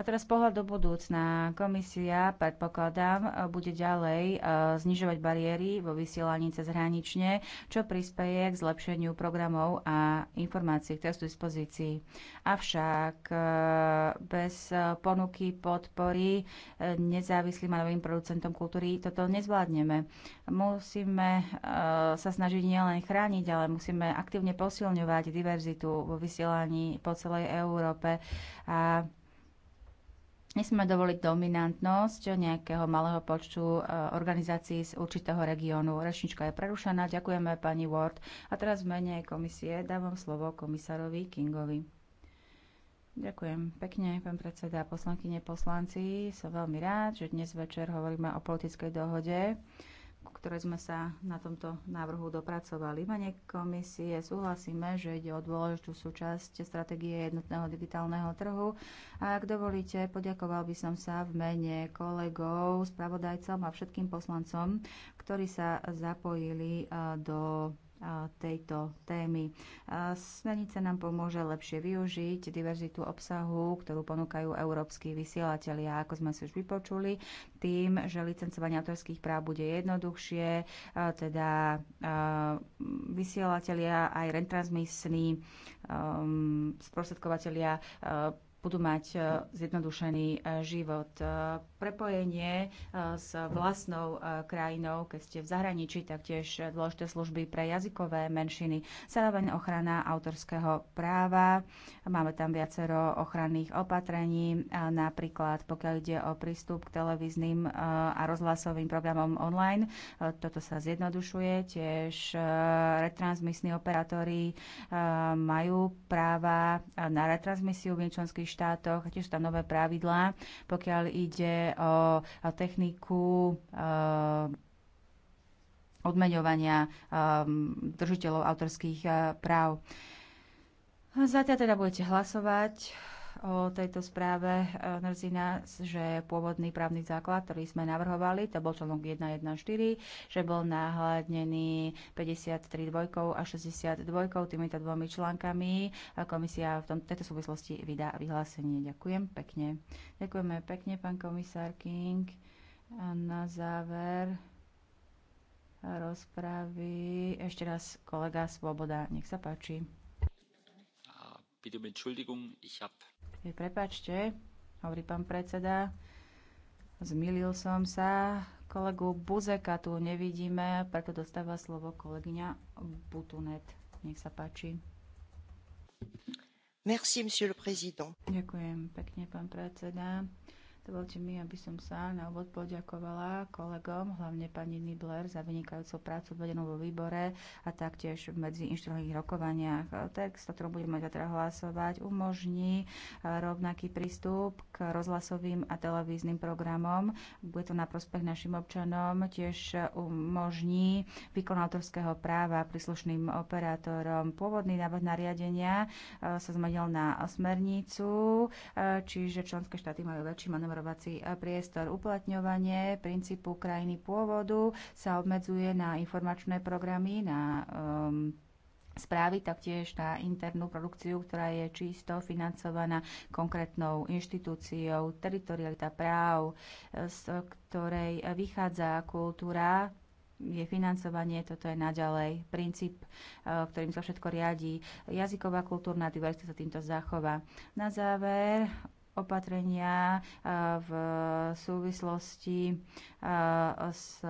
A teraz pohľad do budúcna. Komisia, predpokladám, bude ďalej e, znižovať bariéry vo vysielaní cez hranične, čo prispieje k zlepšeniu programov a informácií, ktoré sú v dispozícii. Avšak e, bez ponuky podpory e, nezávislým a novým producentom kultúry toto nezvládneme. Musíme sa snažiť nielen chrániť, ale musíme aktívne posilňovať diverzitu vo vysielaní po celej Európe. A Nesmieme dovoliť dominantnosť nejakého malého počtu eh, organizácií z určitého regiónu. Rešnička je prerušená. Ďakujeme pani Ward. A teraz v mene komisie dávam slovo komisárovi Kingovi. Ďakujem pekne, pán predseda, poslankyne, poslanci. Som veľmi rád, že dnes večer hovoríme o politickej dohode ktoré sme sa na tomto návrhu dopracovali. Manie komisie súhlasíme, že ide o dôležitú súčasť stratégie jednotného digitálneho trhu. A ak dovolíte, poďakoval by som sa v mene kolegov, spravodajcom a všetkým poslancom, ktorí sa zapojili eh, do tejto témy. Smernica nám pomôže lepšie využiť diverzitu obsahu, ktorú ponúkajú európsky A Ako sme si už vypočuli, tým, že licencovanie autorských práv bude jednoduchšie, teda vysielatelia aj retransmisní sprostredkovateľia budú mať e, zjednodušený e, život. E, prepojenie s vlastnou krajinou, keď ste v zahraničí, taktiež dôležité služby pre jazykové menšiny, zároveň ochrana autorského práva. Máme tam viacero ochranných opatrení, napríklad pokiaľ ide o prístup k televíznym a rozhlasovým programom online. Toto sa zjednodušuje, tiež retransmisní operátori majú práva na retransmisiu v členských štátoch, tiež sú tam nové pravidlá, pokiaľ ide o techniku eh, odmeňovania eh, držiteľov autorských eh, práv. Zatiaľ teda budete hlasovať o tejto správe mrzí e, nás, že pôvodný právny základ, ktorý sme navrhovali, to bol článok 1.1.4, že bol nahľadnený 53 dvojkou a 62 týmito dvomi článkami. Komisia v tom, tejto súvislosti vydá vyhlásenie. Ďakujem pekne. Ďakujeme pekne, pán komisár King. A na záver rozpravy ešte raz kolega Svoboda. Nech sa páči bitte um Entschuldigung, ich habe Prepačte, hovorí pán predseda, zmýlil som sa, kolegu Buzeka tu nevidíme, preto dostáva slovo kolegyňa Butunet. Nech sa páči. Merci, monsieur le président. Ďakujem pekne, pán predseda. Dovolte mi, aby som sa na úvod poďakovala kolegom, hlavne pani Nibler, za vynikajúcu prácu vedenú vo výbore a taktiež v medziinštitucionálnych rokovaniach. Text, o ktorom budeme zatra hlasovať, umožní eh, rovnaký prístup k rozhlasovým a televíznym programom. Bude to na prospech našim občanom, tiež eh, umožní výkon autorského práva príslušným operátorom. Pôvodný návrh nariadenia eh, sa zmenil na smernicu, čiže členské štáty majú väčší manévrovací manevrovací eh, priestor. Uplatňovanie princípu krajiny pôvodu sa obmedzuje na informačné programy, na um, správy, taktiež na internú produkciu, ktorá je čisto financovaná konkrétnou inštitúciou, teritorialita práv, eh, z ktorej vychádza kultúra, je financovanie, toto je naďalej princíp, eh, ktorým sa všetko riadí. Jazyková kultúrna diverzita sa týmto zachová. Na záver, opatrenia eh, v súvislosti eh, s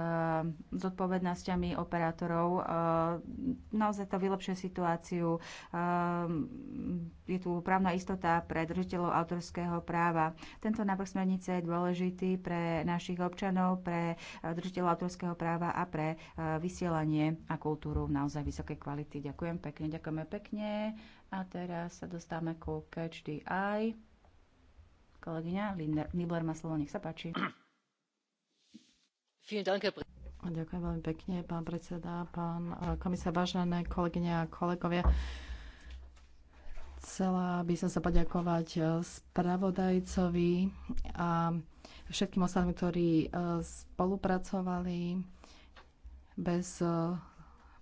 zodpovednosťami operátorov. Eh, naozaj to vylepšuje situáciu. Je tu právna istota pre držiteľov autorského práva. Tento návrh smernice je dôležitý pre našich občanov, pre držiteľov autorského práva a pre vysielanie a kultúru naozaj vysokej kvality. Ďakujem pekne, ďakujeme pekne. A teraz sa dostávame ku Catch the Eye. Kolegyňa Nibler má slovo, nech sa páči. [clears throat] Ďakujem veľmi pekne, pán predseda, pán eh, komisár, vážené kolegyne a kolegovia. Chcela by som sa poďakovať eh, spravodajcovi a všetkým ostatným, ktorí eh, spolupracovali. Bez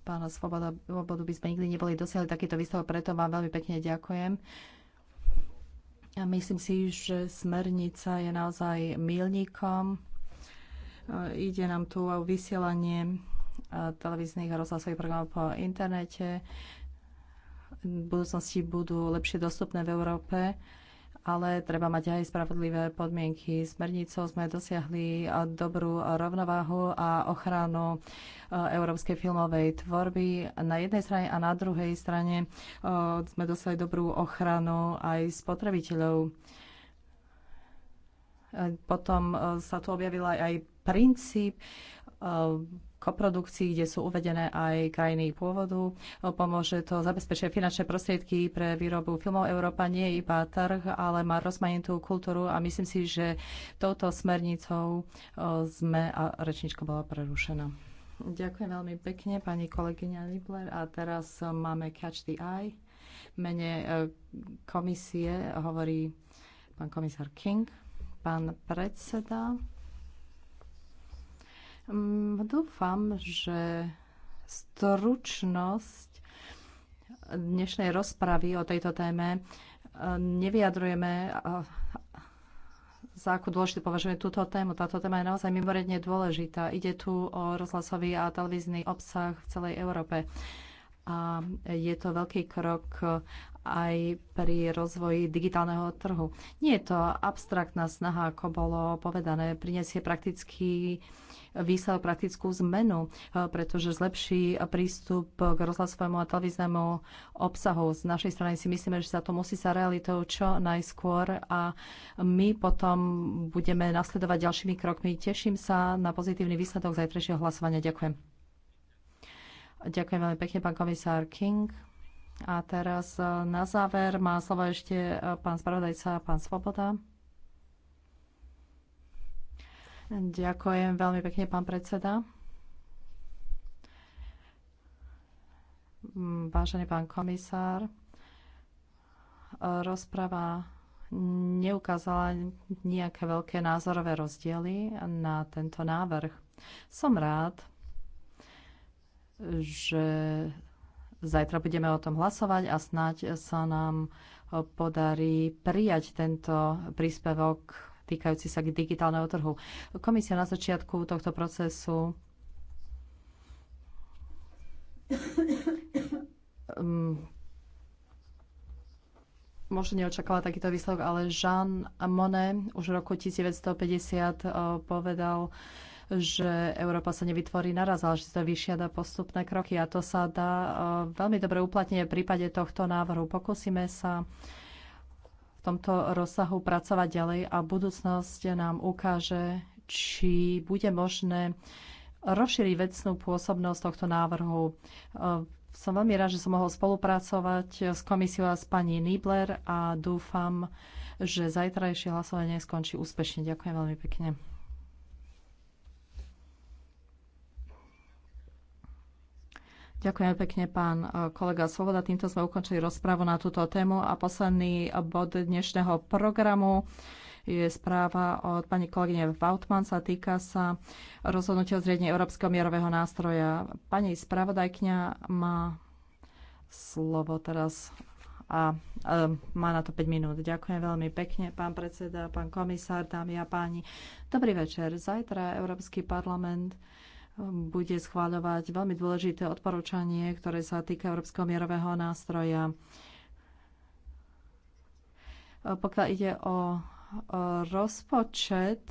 pána Svobodu by sme nikdy neboli dosiahli takýto výstav, preto vám veľmi pekne ďakujem. Ja myslím si, že smernica je naozaj milníkom. E, ide nám tu o vysielanie e, televíznych a rozhlasových programov po internete. V budúcnosti budú lepšie dostupné v Európe ale treba mať aj spravodlivé podmienky. Smernicou sme dosiahli eh, dobrú rovnováhu a ochranu eh, európskej filmovej tvorby na jednej strane a na druhej strane eh, sme dosiahli dobrú ochranu aj spotrebiteľov. Potom sa tu objavil aj princíp koprodukcií, kde sú uvedené aj krajiny pôvodu. Pomôže to zabezpečiť finančné prostriedky pre výrobu filmov. Európa nie je iba trh, ale má rozmanitú kultúru a myslím si, že touto smernicou sme a rečnička bola prerušená. Ďakujem veľmi pekne, pani kolegyňa Libler. A teraz máme Catch the Eye. Mene e, komisie hovorí pán komisár King, pán predseda. Mm, dúfam, že stručnosť dnešnej rozpravy o tejto téme e, nevyjadrujeme, e, za akú dôležitú považujeme túto tému. Táto téma je naozaj mimoriadne dôležitá. Ide tu o rozhlasový a televízny obsah v celej Európe. A je to veľký krok aj pri rozvoji digitálneho trhu. Nie je to abstraktná snaha, ako bolo povedané, prinesie praktický vysal praktickú zmenu, eh, pretože zlepší prístup k rozhlasovému a televíznemu obsahu. Z našej strany si myslíme, že sa to musí sa realitou čo najskôr a my potom budeme nasledovať ďalšími krokmi. Teším sa na pozitívny výsledok zajtrajšieho hlasovania. Ďakujem. Ďakujem veľmi pekne, pán komisár King. A teraz eh, na záver má slovo ešte eh, pán spravodajca, pán Svoboda. Ďakujem veľmi pekne, pán predseda. Vážený pán komisár, rozprava neukázala nejaké veľké názorové rozdiely na tento návrh. Som rád, že zajtra budeme o tom hlasovať a snáď sa nám podarí prijať tento príspevok týkajúci sa digitálneho trhu. Komisia na začiatku tohto procesu um, možno neočakala takýto výsledok, ale Jean Monnet už v roku 1950 uh, povedal, že Európa sa nevytvorí naraz, ale že sa vyšiada postupné kroky a to sa dá uh, veľmi dobre uplatniť v prípade tohto návrhu. Pokúsime sa tomto rozsahu pracovať ďalej a budúcnosť nám ukáže, či bude možné rozšíriť vecnú pôsobnosť tohto návrhu. E, som veľmi rád, že som mohol spolupracovať s komisiou a s pani Nibler a dúfam, že zajtrajšie hlasovanie skončí úspešne. Ďakujem veľmi pekne. Ďakujem pekne, pán eh, kolega Svoboda. Týmto sme ukončili rozprávu na túto tému a posledný bod dnešného programu je správa od pani kolegyne Vautman sa týka sa rozhodnutia o zriedení Európskeho mierového nástroja. Pani spravodajkňa má slovo teraz a eh, má na to 5 minút. Ďakujem veľmi pekne, pán predseda, pán komisár, dámy a páni. Dobrý večer. Zajtra Európsky parlament bude schváľovať veľmi dôležité odporúčanie, ktoré sa týka Európskeho mierového nástroja. Pokiaľ ide o rozpočet,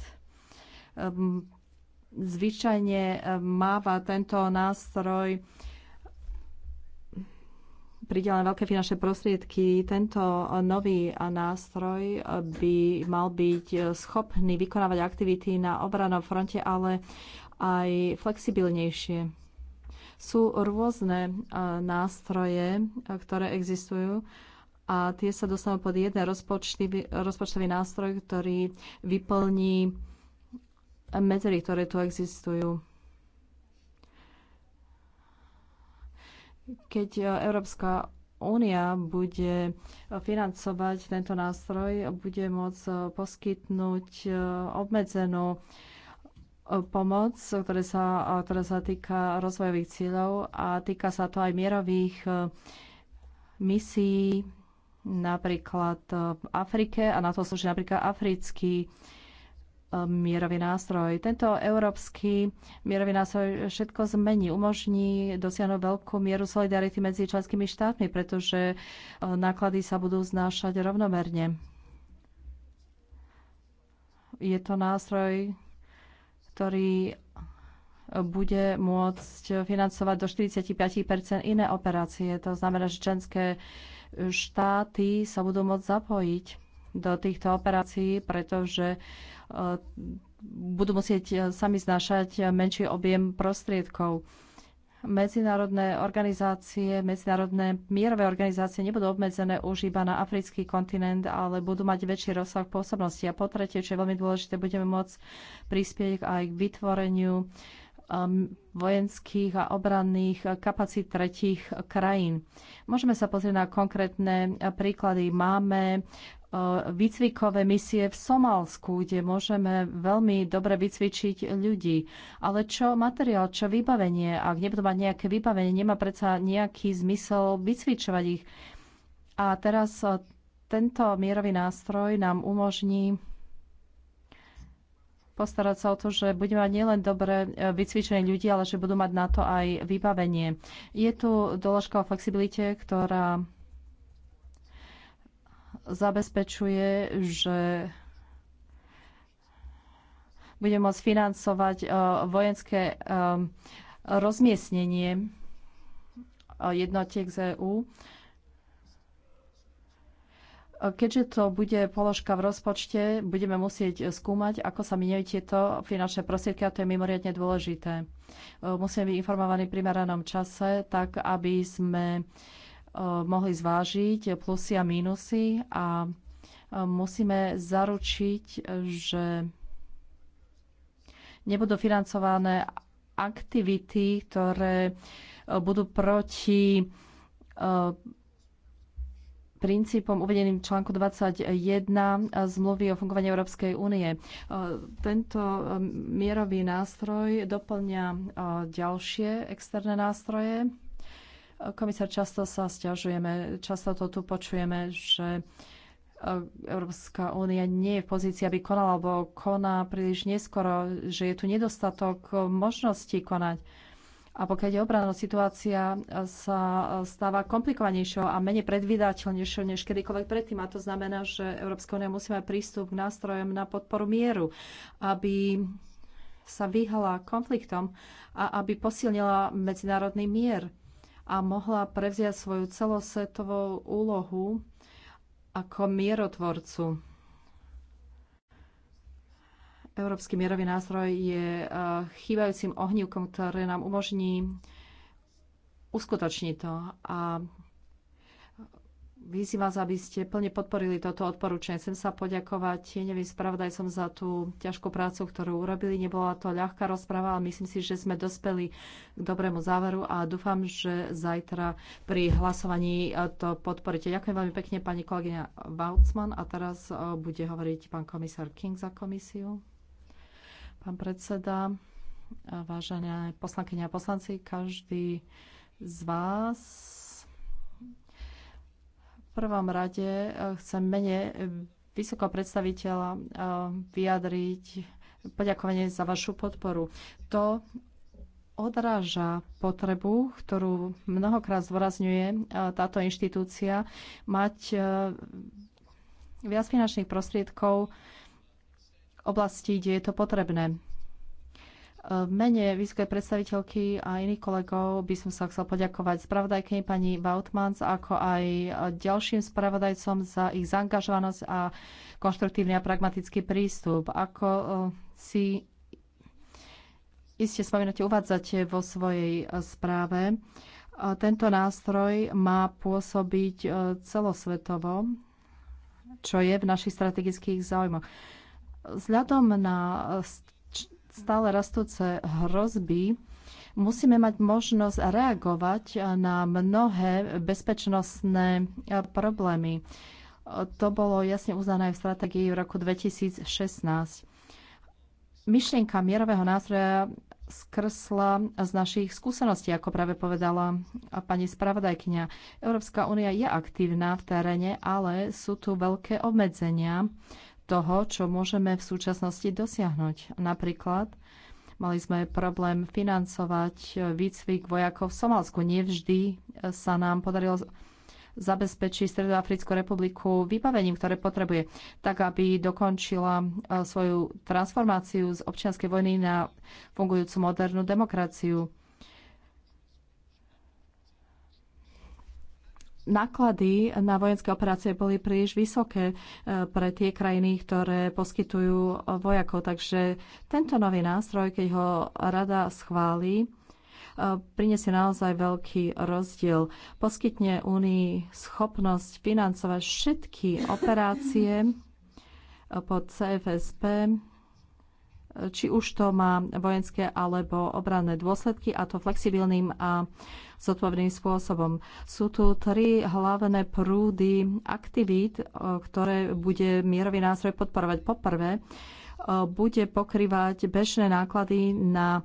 zvyčajne e, máva tento nástroj pridelené veľké finančné prostriedky, tento nový nástroj by mal byť schopný vykonávať aktivity na obranom fronte, ale aj flexibilnejšie. Sú rôzne nástroje, ktoré existujú a tie sa dostanú pod jeden rozpočtový, rozpočtový nástroj, ktorý vyplní medzery, ktoré tu existujú. Keď Európska únia bude financovať tento nástroj, bude môcť poskytnúť obmedzenú pomoc, ktoré sa, ktorá sa týka rozvojových cieľov a týka sa to aj mierových e, misií napríklad e, v Afrike a na to slúži napríklad africký e, mierový nástroj. Tento európsky mierový nástroj všetko zmení, umožní dosiahnuť veľkú mieru solidarity medzi členskými štátmi, pretože náklady sa budú znášať rovnomerne. Je to nástroj, ktorý bude môcť financovať do 45 iné operácie. To znamená, že členské štáty sa budú môcť zapojiť do týchto operácií, pretože e, budú musieť e, sami znášať menší objem prostriedkov medzinárodné organizácie, medzinárodné mierové organizácie nebudú obmedzené už iba na africký kontinent, ale budú mať väčší rozsah pôsobnosti. A po tretie, čo je veľmi dôležité, budeme môcť prispieť aj k vytvoreniu um, vojenských a obranných kapacít tretích krajín. Môžeme sa pozrieť na konkrétne príklady. Máme Eh, výcvikové misie v Somálsku, kde môžeme veľmi dobre vycvičiť ľudí. Ale čo materiál, čo vybavenie? Ak nebudú mať nejaké vybavenie, nemá predsa nejaký zmysel vycvičovať ich. A teraz eh, tento mierový nástroj nám umožní postarať sa o to, že budeme mať nielen dobre eh, vycvičených ľudí, ale že budú mať na to aj vybavenie. Je tu doložka o flexibilite, ktorá zabezpečuje, že bude môcť financovať e, vojenské e, rozmiestnenie e, jednotiek z EÚ. Keďže to bude položka v rozpočte, budeme musieť skúmať, ako sa minujú tieto finančné prostriedky a to je mimoriadne dôležité. Musíme byť informovaní v primeranom čase, tak aby sme Eh, mohli zvážiť plusy a mínusy a eh, musíme zaručiť, že nebudú financované aktivity, ktoré eh, budú proti princípom uvedeným v článku 21 zmluvy o fungovaní Európskej únie. Tento mierový nástroj doplňa ďalšie externé nástroje, Komisár, často sa stiažujeme, často to tu počujeme, že e, Európska únia nie je v pozícii, aby konala, alebo koná príliš neskoro, že je tu nedostatok e, možností konať. A pokiaľ je obranná situácia sa stáva komplikovanejšou a menej predvydateľnejšou než kedykoľvek predtým. A to znamená, že Európska únia musí mať prístup k nástrojom na podporu mieru, aby sa vyhala konfliktom a aby posilnila medzinárodný mier a mohla prevziať svoju celosvetovú úlohu ako mierotvorcu. Európsky mierový nástroj je e, chýbajúcim ohnívkom, ktoré nám umožní uskutočniť to. A vyzývam vás, aby ste plne podporili toto odporúčanie. Chcem sa poďakovať tieňovým spravodajcom za tú ťažkú prácu, ktorú urobili. Nebola to ľahká rozpráva, ale myslím si, že sme dospeli k dobrému záveru a dúfam, že zajtra pri hlasovaní to podporíte. Ďakujem veľmi pekne pani kolegyňa Bautzman a teraz bude hovoriť pán komisár King za komisiu. Pán predseda, vážené poslankyňa a poslanci, každý z vás prvom rade e, chcem mene vysokého predstaviteľa e, vyjadriť poďakovanie za vašu podporu. To odráža potrebu, ktorú mnohokrát zdôrazňuje e, táto inštitúcia, mať viac finančných prostriedkov v oblasti, kde je to potrebné. V mene vysokej predstaviteľky a iných kolegov by som sa chcel poďakovať spravodajkyni pani Vautmans, ako aj ďalším spravodajcom za ich zaangažovanosť a konštruktívny a pragmatický prístup. Ako eh, si iste spomínate, uvádzate vo svojej eh, správe, eh, tento nástroj má pôsobiť celosvetovo, čo je v našich strategických záujmoch. Vzhľadom na stále rastúce hrozby musíme mať možnosť reagovať na mnohé bezpečnostné e, problémy. To bolo jasne uznané v stratégii v roku 2016. Myšlienka mierového nástroja skrsla z našich skúseností, ako práve povedala pani spravodajkňa. Európska únia je aktívna v teréne, ale sú tu veľké obmedzenia toho, čo môžeme v súčasnosti dosiahnuť. Napríklad mali sme problém financovať výcvik vojakov v Somálsku. Nevždy sa nám podarilo zabezpečí Stredoafrickú republiku vybavením, ktoré potrebuje, tak aby dokončila e, svoju transformáciu z občianskej vojny na fungujúcu modernú demokraciu. náklady na vojenské operácie boli príliš vysoké eh, pre tie krajiny, ktoré poskytujú vojakov. Takže tento nový nástroj, keď ho rada schváli, eh, prinesie naozaj veľký rozdiel. Poskytne Únii schopnosť financovať všetky operácie eh, pod CFSP, či už to má vojenské alebo obranné dôsledky, a to flexibilným a zodpovedným spôsobom. Sú tu tri hlavné prúdy aktivít, ktoré bude mierový nástroj podporovať. Poprvé, bude pokrývať bežné náklady na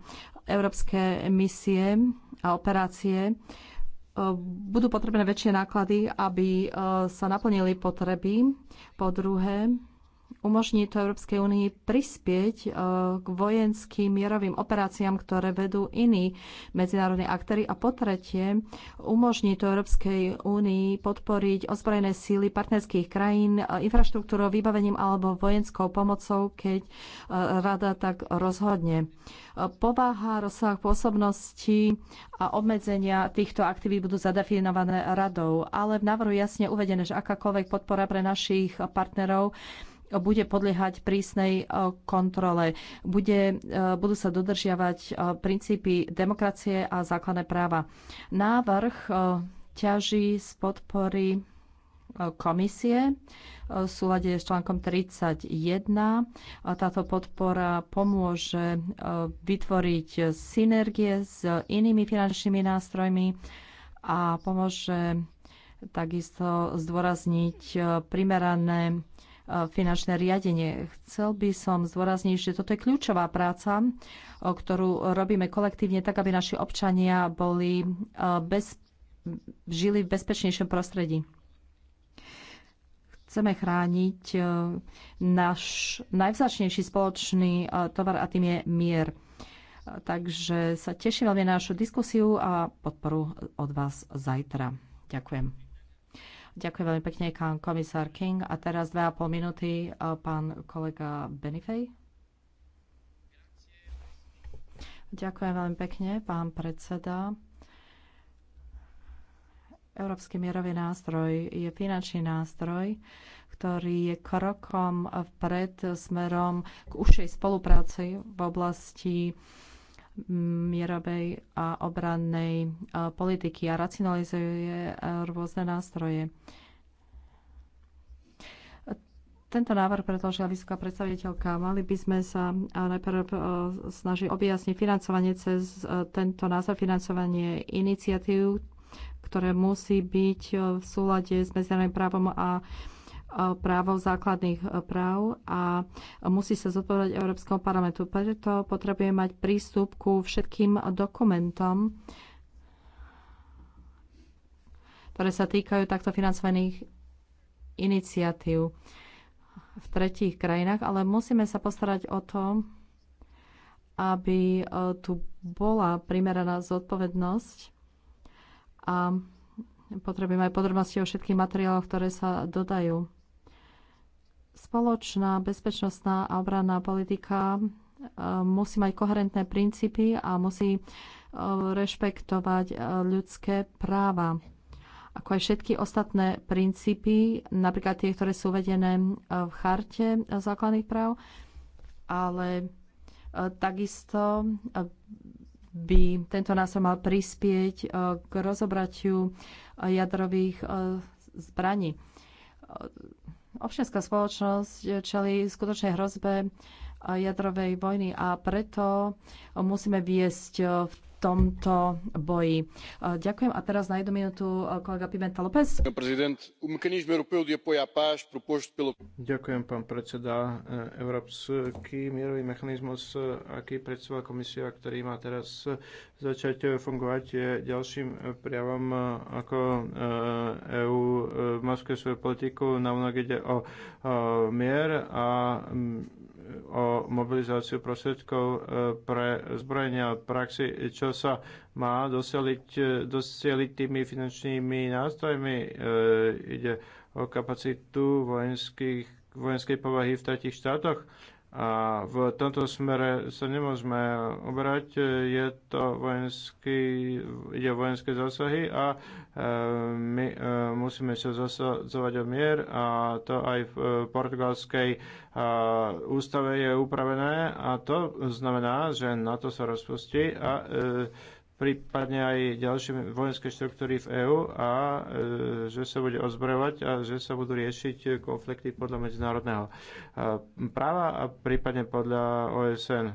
európske misie a operácie. Budú potrebné väčšie náklady, aby sa naplnili potreby. Po druhé, umožní to Európskej únii prispieť e, k vojenským mierovým operáciám, ktoré vedú iní medzinárodní aktéry. A po tretie, umožní to Európskej únii podporiť ozbrojené síly partnerských krajín e, infraštruktúrou, vybavením alebo vojenskou pomocou, keď e, rada tak rozhodne. Povaha, rozsah pôsobnosti a obmedzenia týchto aktivít budú zadefinované radou, ale v návrhu jasne uvedené, že akákoľvek podpora pre našich partnerov bude podliehať prísnej e, kontrole. Bude, e, budú sa dodržiavať e, princípy demokracie a základné práva. Návrh ťaží z podpory komisie v súlade s článkom 31. Táto podpora pomôže vytvoriť synergie s inými finančnými nástrojmi a pomôže takisto zdôrazniť primerané Eh, finančné riadenie. Chcel by som zdôrazniť, že toto je kľúčová práca, eh, ktorú robíme kolektívne tak, aby naši občania boli eh, bez, žili v bezpečnejšom prostredí chceme chrániť náš najvzáčnejší spoločný tovar a tým je mier. Takže sa teším veľmi na našu diskusiu a podporu od vás zajtra. Ďakujem. Ďakujem veľmi pekne, pán komisár King. A teraz 2,5 minúty e, pán kolega Benifej. Ďakujem veľmi pekne, pán predseda. Európsky mierový nástroj je finančný nástroj, ktorý je krokom vpred smerom k užšej spolupráci v oblasti mierovej a obrannej e, politiky a racionalizuje e, rôzne nástroje. Tento návrh predložila vysoká predstaviteľka. Mali by sme sa e, najprv snažiť objasniť financovanie cez tento názor financovanie iniciatív, ktoré musí byť v súlade s medzinárodným právom a Eh, právov základných eh, práv a musí sa zodpovedať Európskom parlamentu. Preto potrebuje mať prístup ku všetkým dokumentom, ktoré sa týkajú takto financovaných iniciatív v tretích krajinách, ale musíme sa postarať o to, aby eh, tu bola primeraná zodpovednosť a potrebujeme aj podrobnosti o všetkých materiáloch, ktoré sa dodajú. Spoločná bezpečnostná a obranná politika e, musí mať koherentné princípy a musí e, rešpektovať e, ľudské práva, ako aj všetky ostatné princípy, napríklad tie, ktoré sú uvedené v charte základných práv, ale takisto by tento nástroj mal prispieť k rozobratiu jadrových zbraní občianská spoločnosť čeli skutočnej hrozbe eh, jadrovej vojny a preto musíme viesť eh, v tomto boji. E, ďakujem a teraz na jednu minútu e, kolega Pimenta López. Ďakujem, pán predseda. E, Európsky mierový mechanizmus, aký predstavila komisia, ktorý má teraz začať fungovať, je ďalším prijavom, ako EÚ maskuje svoju politiku. Navonok ide o mier a o mobilizáciu prostriedkov e, pre zbrojenia od praxi, čo sa má dosieliť, e, dosieliť tými finančnými nástrojmi. E, ide o kapacitu vojenských, vojenskej povahy v tretich štátoch a v tomto smere sa nemôžeme obrať. Je to vojenský, ide o vojenské zásahy a e, my e, musíme sa zasadzovať o mier a to aj v e, portugalskej ústave je upravené a to znamená, že NATO sa rozpustí a prípadne aj ďalšie vojenské štruktúry v EÚ a e, že sa bude ozbrojovať a že sa budú riešiť konflikty podľa medzinárodného e, práva a prípadne podľa OSN.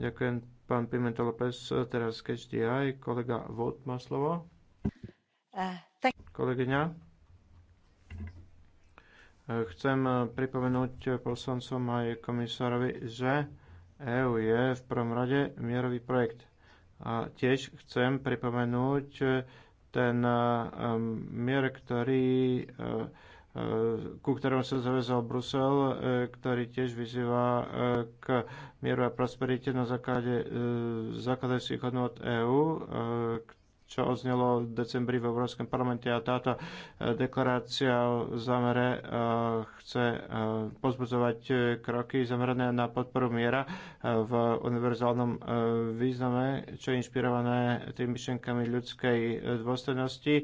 Ďakujem, pán Pimento López. Teraz keď aj kolega Vod má slovo. Eh, Kolegyňa. Eh, chcem eh, pripomenúť poslancom aj komisárovi, že EU je v prvom rade mierový projekt. A tiež chcem pripomenúť eh, ten eh, mier, ktorý eh, ku ktorému sa zavezal Brusel, ktorý tiež vyzýva k mieru a prosperite na základe si hodnot EÚ, čo oznelo v decembri v Európskom parlamente a táto e, deklarácia o zamere e, chce e, pozbudzovať kroky zamerané na podporu miera v univerzálnom význame, čo je inšpirované tými myšlenkami ľudskej dôstojnosti,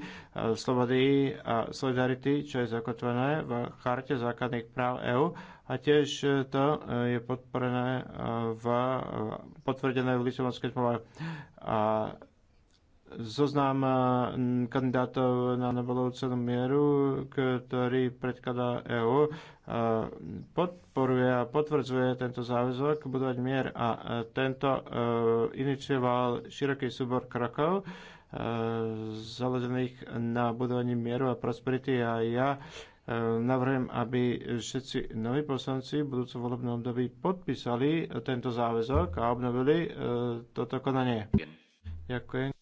slobody a solidarity, čo je zakotvené v charte základných práv EÚ a tiež to je podporené v potvrdené v Lisabonskej zmluve. A zoznam eh, kandidátov na Nobelovú cenu mieru, ktorý predkladá EÚ, eh, podporuje a potvrdzuje tento záväzok budovať mier a eh, tento inicioval široký súbor krokov založených na budovaní mieru a prosperity a ja navrhujem, aby všetci noví poslanci v budúcom volebnom období podpísali tento záväzok a obnovili toto konanie. Ďakujem.